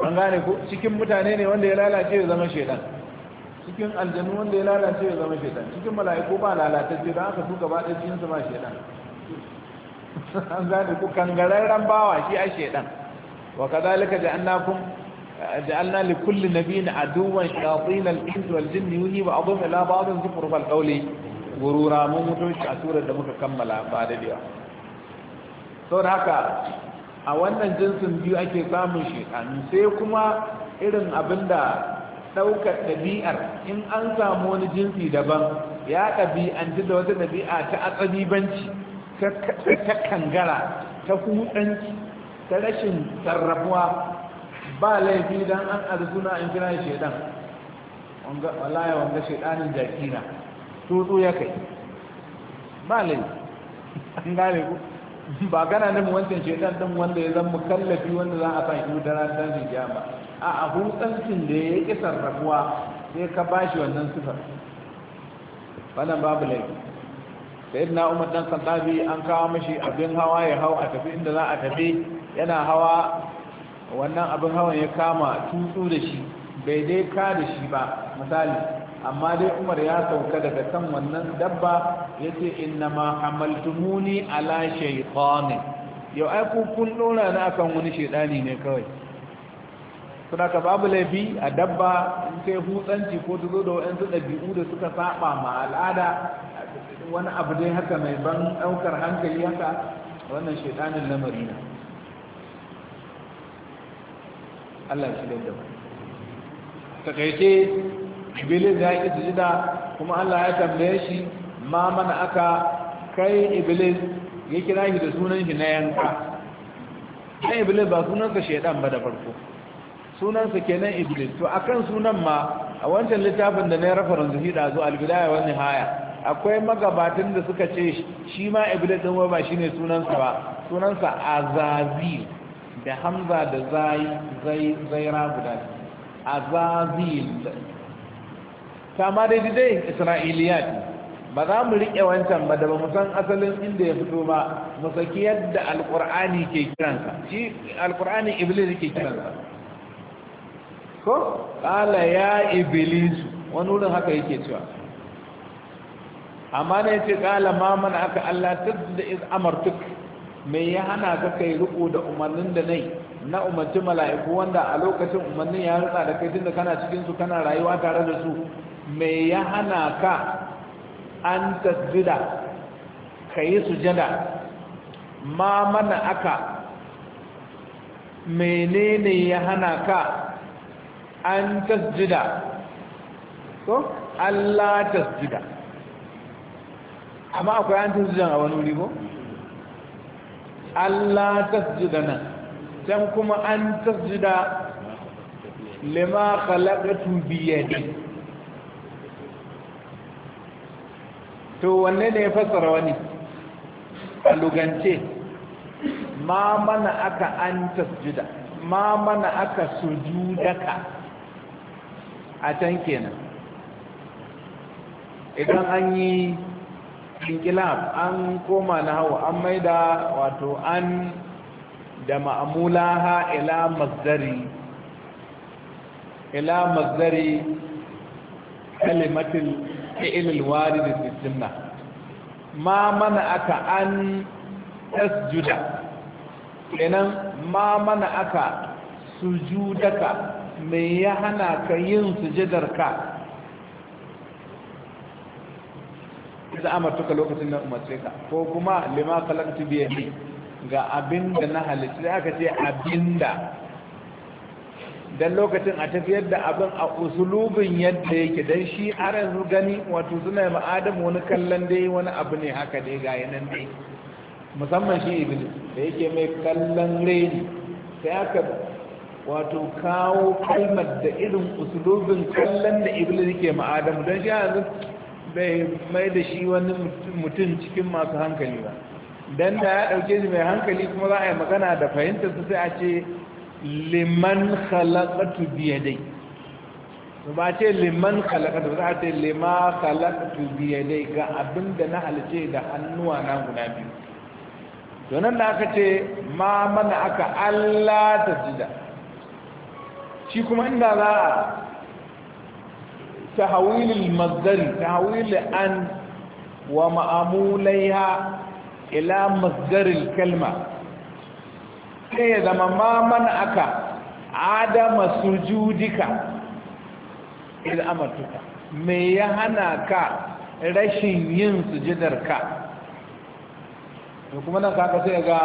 ba gane ku cikin mutane ne wanda ya lalace ya zama shaidan cikin aljanu wanda ya lalace ya zama shaidan cikin mala'iku ba lalatacce da aka suka ba ɗaya cikinsu ba shaidan an gane ku kangararren bawa shi a shaidan wa kazalika ja'annakum جعلنا لكل نبي عدوا شياطين الانس والجن يوحي بعضهم الى بعض زخرف القول غرورا mun mutum a surar da muka kammala ba da biya saboda haka a wannan jinsin biyu ake samun shekaru sai kuma irin abinda ɗaukar ɗabi'ar in an samu wani jinsi daban ya ɗabi'anci da wata ɗabi'a ta atsabibanci ta kangara ta hutsanci ta rashin sarrafuwa ba laifi dan an arzuna in kira shi shedan wanga wallahi wanga shedanin jakina tutu ya kai ba laifi an gane ku ba gana mu wancan shedan din wanda ya zama kallafi wanda za a sa shi da ran dan ba. a a hutsancin da ya yi sarrafuwa sai ka bashi wannan sifar wannan babu laifi na umar dan khattabi an kawo mashi abin hawa ya hau a tafi inda za a tafi yana hawa wannan abin hawan ya kama tutsu da shi bai dai ka da shi ba misali amma dai umar ya sauka daga kan wannan dabba ya ce inna ma hamaltumuni ala shaitanin yau ai ku kun dora na akan wani shaidani ne kawai suna ka babu laifi a dabba in sai hutsanci ko ta zo da waɗansu ɗabi'u da suka saɓa ma al'ada wani abu dai haka mai ban ɗaukar hankali haka wannan shaidanin lamari na Allah shi da mu takaice iblis ya yi sujada kuma Allah ya tambaye shi ma mana aka kai iblis ya kira shi da sunan shi na yanka kai iblis ba sunansa shaidan ba da farko sunansa kenan iblis to akan sunan ma a wancan littafin da na rafarin da zuwa albidaya wani haya akwai magabatan da suka ce shi ma iblis din ba shine sunansa ba sunansa azazil da hamza da zaira guda azazil ta ma dai dai isra'iliyat ba za mu riƙe wancan ba da ba mu san asalin inda ya fito ba mu saki yadda alƙur'ani ke kiransa shi alƙur'ani iblis ke kiransa ko ƙala ya iblis wani wurin haka yake cewa amma ne ce ƙala ma mana aka allah ta da iz amartuk me ya hana ka kai riko da umarnin da nai na umarci mala'iku wanda a lokacin umarnin ya rika da kai tunda kana cikin su kana rayuwa tare da su me ya hana ka an tasjida kai sujada ma mana aka menene ya hana ka an tasjida ko Allah tasjida amma akwai an tasjidan a wani wuri ko Allah tasjuda nan can kuma an tasjuda lima khalaqatu bi ne to wanne ne fasara wani a lugance ma mana aka an tasjuda ma mana aka sujudaka a can kenan idan an yi inkilab an koma na hawa an maida wato an da ma'amulaha ila mazdari ila mazdari kalimatin fi'ilil warid fi sunna ma mana aka an tasjuda kenan ma mana aka sujudaka me ya hana ka yin sujudarka idan amartuka lokacin na umarce ka ko kuma lima biya ne ga abinda na halittu da aka ce abinda dan lokacin a tafiyar da abin a usulubin yadda yake dan shi aran gani wato suna yi ma'adam wani kallon dai wani abu ne haka dai ga yanan dai musamman shi iblis da yake mai kallon reni sai aka wato kawo kalmar da irin usulubin kallon da iblis yake ma'adam don shi yanzu bai mai da shi wani mutum cikin masu hankali ba dan da ya ɗauke shi mai hankali kuma za a yi magana da fahimtar su sai a ce liman khalaqatu bi yadai ba ce liman khalaqatu a ce lima khalaqatu bi yadai ga abinda na halice da hannuwa na guda biyu to nan da aka ce ma mana aka Allah ta jida shi kuma inda za a تحويل المصدر تحويل أن ومعموليها إلى مصدر الكلمة كذا ما منعك عدم سجودك إذ أمرتك ما يهنك yin sujidarka da kuma nan kaka sai ga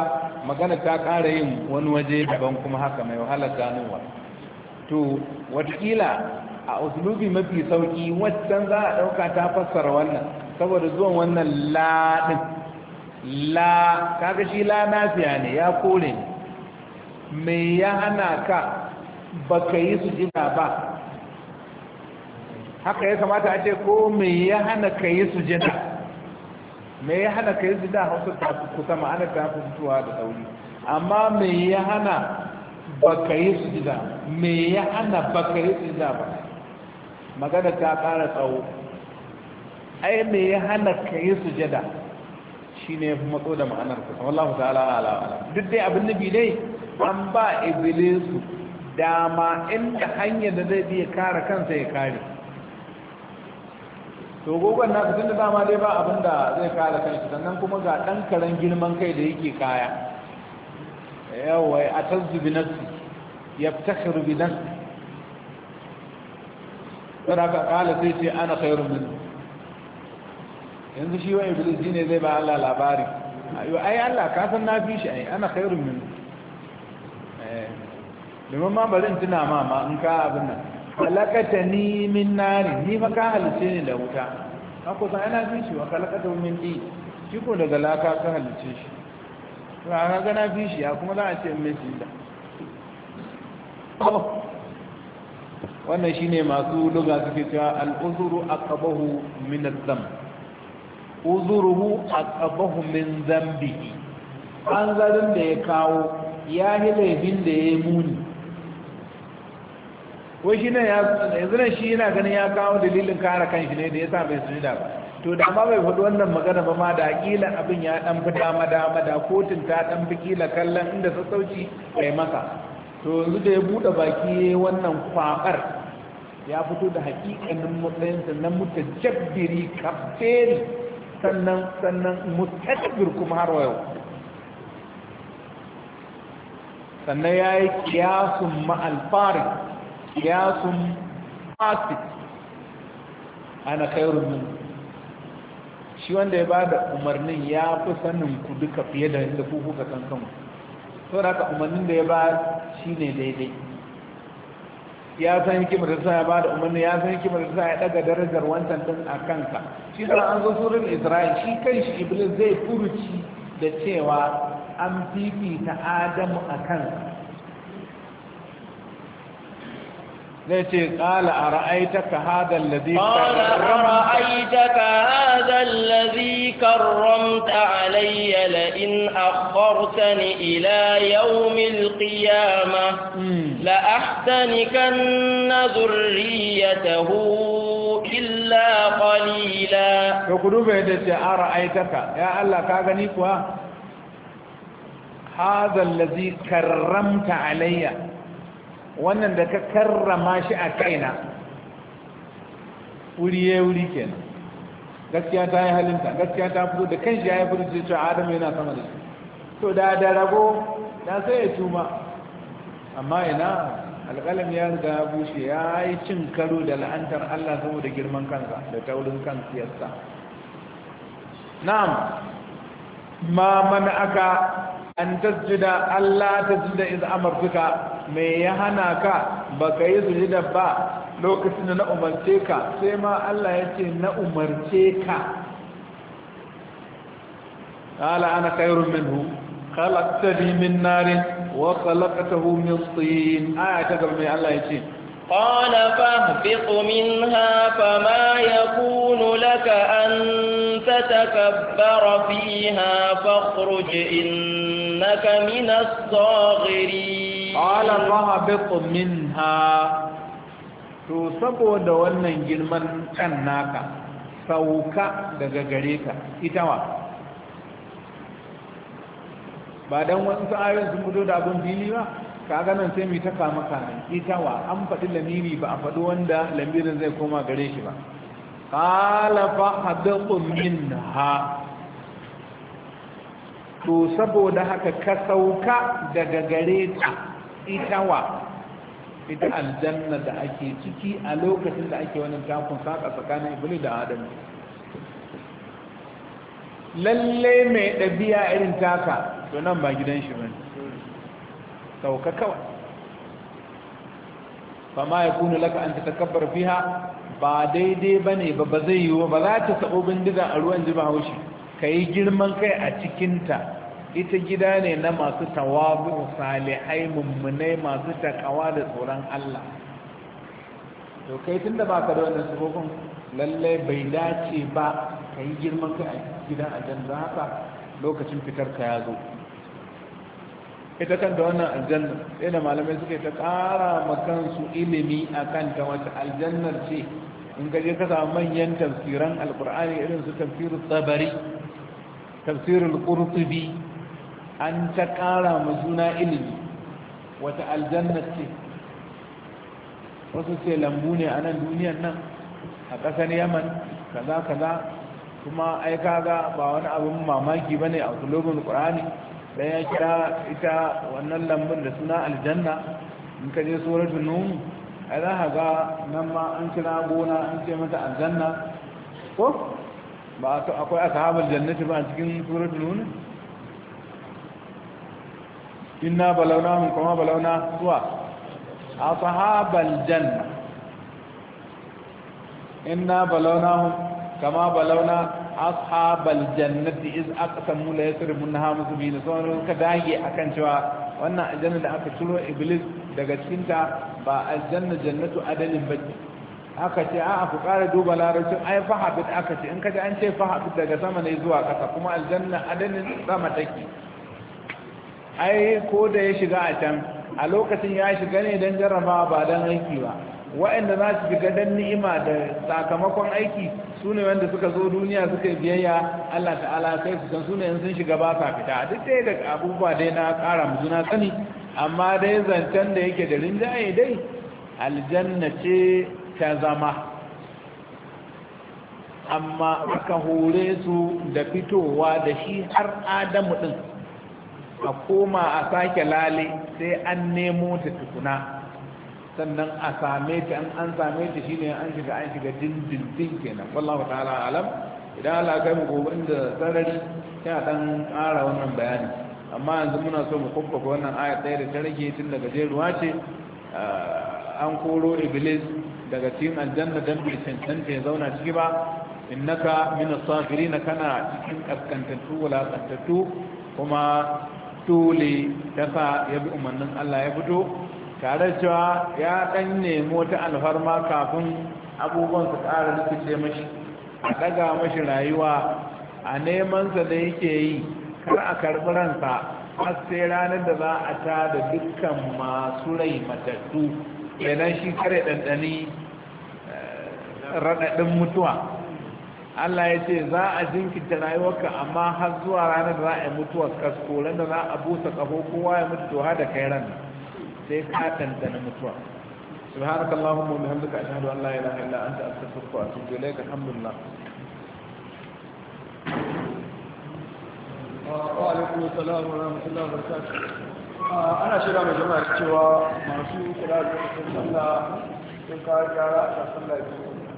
magana ta ƙara yin wani waje daban kuma haka mai wahala ganowa to watakila a uslubi mafi sauki waccan za a ɗauka ta fassara wannan saboda zuwan wannan laɗin la kaga shi la nafiya ne ya kore ne me ya hana ka ba ka yi su jina ba haka ya kamata a ce ko me ya hana ka yi su jina? me ya hana ka yi su jira hausa ta fi kusa ma'ana ta fi fitowa da sauri amma me ya hana ka yi su jina? me ya hana ka yi su jina ba magana ta ƙara tsawo ai me ya hana ka yi sujada shi ne matso da ma'anar kusa wallahu ta'ala ala ala duk dai abin nabi dai an ba ibilisu dama inda hanyar da zai iya kare kansa ya kare to gogon na fi da dama dai ba abin da zai kare kansa sannan kuma ga ɗan karen girman kai da yake kaya yawai a tasbi Ya fi bi nafsi don haka kala sai ce ana sayarun min yanzu shi wa iblis ne zai ba Allah labari ayo ai Allah ka san na fi shi ai ana khairun min eh, domin ma bari tuna ma ma in ka abin nan kalakata ni min nari ni fa ka halice ni da wuta ka ko san ana fi shi wa kalakata min di shi ko daga laka ka halice shi to an ga na fi shi ya kuma za a ce min shi da oh. wannan shine masu luga suke cewa al'uzuru aqabahu min adh-dhanb uzuruhu aqabahu min dhanbihi an zarin da ya kawo ya yi laifin da ya yi muni ko shi ne yanzu nan shi yana ganin ya kawo dalilin kare kanshi ne da ya sa bai da ba to da ma bai faɗi wannan magana ba ma da kila abin ya dan fi dama dama da kotun ta dan fi kila kallon inda sassauci bai masa to yanzu da ya buɗe baki wannan kwabar ya fito da hakikanin matsayin sannan jabbiri kafiri sannan sannan mutakbir kuma har yau sannan ya yi kiyasun ma'alfarin kiyasun fasit ana kairun min shi wanda ya ba da umarnin ya fi sanin ku duka fiye da yadda kuka kankan Sau da ka umarnin da ya ba shi ne daidai ya san hikimar da ya ba da umarni ya san hikimar da sa ya daga darajar wancan din a kanka shi da an zo surin isra'il shi kan shi iblis zai furuci da cewa an fifita adamu a kansa ليش قال أرأيتك هذا الذي قال أرأيتك هذا الذي كرمت علي لئن أخرتني إلى يوم القيامة لأحسنكن ذريته إلا قليلا يقولون بهذا أرأيتك يا الله كاغنيك هذا الذي كرمت عليّ wannan da ka karrama shi a kaina wuri ya wuri kenan gaskiya ta yi halinta gaskiya ta fito da kan shi ya yi furci cewa adam yana sama da shi to da da rago da sai ya tuma amma ina alƙalam ya riga bushe ya yi cin karo da la'antar allah saboda girman kansa da taurin kan siyasta na'am ma mana aka an tasjuda Allah tasjuda iz amartuka me ya hana ka baka yi sujuda ba lokacin da na umarce ka sai ma Allah ya ce na umarce ka qala ana khairun minhu khalaqtani min narin wa khalaqtahu min tin aya ta gaba mai Allah ya ce قال فاهبط منها فما يكون لك أن تتكبر فيها فاخرج إن إنك من الصاغرين قال الله min ha. to saboda wannan girman kan naka sauka daga gare ka ita wa ba dan wasu ayoyin sun fito da abin fili ba kaga nan sai mu ta kama kana ita wa an faɗi lamiri ba a faɗi wanda lamirin zai koma gare shi ba qala fa hadathu ha. to saboda haka ka sauka daga gare ta itawa ita aljanna da ake ciki a lokacin da ake wani takun saka tsakanin iblis da adam lalle mai ɗabi'a irin taka to nan ba gidan shi ba sauka kawai ma ya kunu laka an ta takabbar fiha ba daidai bane ba ba zai yiwu ba za ta sabo bindiga a ruwan ba haushi ka yi girman kai a cikinta ita gida ne na masu tawabu salihai mummunai masu takawa da tsoron Allah to kai tun da baka da wannan sufofin lallai bai dace ba ka yi girman kai a gidan aljanna haka lokacin fitar ka ya zo ita kan da wannan aljanna sai da malamai suke ta kara ma kansu ilimi a kanta wata aljannar ce in ka je ka samu manyan tafsiran alkur'ani irin su tafsirin tsabari tafsirul qurtubi an ta ƙara mu juna ilimi wata aljanna ce wasu ce lambu ne a nan duniyar nan a ƙasar yaman kaza kaza kuma ai kaga ba wani abin mamaki bane a kulubun qur'ani dan ya kira ita wannan lambun da suna aljanna in ka je suratu nun ai za ka ga nan ma an kira gona an ce mata aljanna ko ba akwai ashabul jannati ba a cikin suratul nun inna balawnahum kama balawna suwa ashabal janna inna balawnahum kama balawna ashabal jannati iz aqsamu la yasrimunha musbina sun ka dage akan cewa wannan aljanna da aka turo iblis daga cikinta ba aljanna jannatu adalin bace aka ce a'a ku kara duba larabcin ai fahabit aka ce in kaji an ce fahabit daga sama ne zuwa ƙasa kuma aljanna adanin sama take ai ko da ya shiga a can a lokacin ya shiga ne don jarrabawa ba don aiki ba waɗanda za su shiga don ni'ima da sakamakon aiki su ne wanda suka zo duniya suka yi biyayya Allah ta'ala sai su san su ne sun shiga ba sa fita duk dai da abubuwa dai na kara mu juna sani amma dai zancen da yake da rinjaye dai aljanna ce ta zama amma aka hore su da fitowa da shi har adamu din a koma a sake lale sai an nemo ta tukuna sannan a same ta an same ta shine an shiga an shiga dindindin kenan wallahu ta'ala alam idan Allah kai mu gobe inda sarari ta dan ƙara wannan bayani amma yanzu muna so mu kubba wannan aya ɗaya da ta tun daga jeruwa ce ah, an koro iblis daga cikin aljanna dan bai cancanta ya zauna ciki ba innaka min as-safirin kana cikin kaskantattu wala qattatu kuma tuli dasa ya bi umarnin Allah ya fito tare cewa ya dan nemi wata alfarma kafin abubuwan su ƙara rikice mashi a daga mashi rayuwa a neman sa da yake yi kar a karbi ransa har sai ranar da za a ta da dukkan masu rai matattu kenan shi kare ɗanɗani raɗaɗin mutuwa Allah ya ce za a jinkinta rayuwarka amma har zuwa ranar da za a yi mutuwar kasko da za a busa ƙaho kowa ya mutu toha da kai ran sai ka tantana mutuwa subhanaka allahumma wa bihamdika ashhadu an la ilaha illa anta astaghfiruka wa atubu ilayk alhamdulillah wa alaikum assalam wa rahmatullahi wa barakatuh ah, ana shirya mai jama'a cewa masu kula da sallah sun kawo gyara a sallah biyu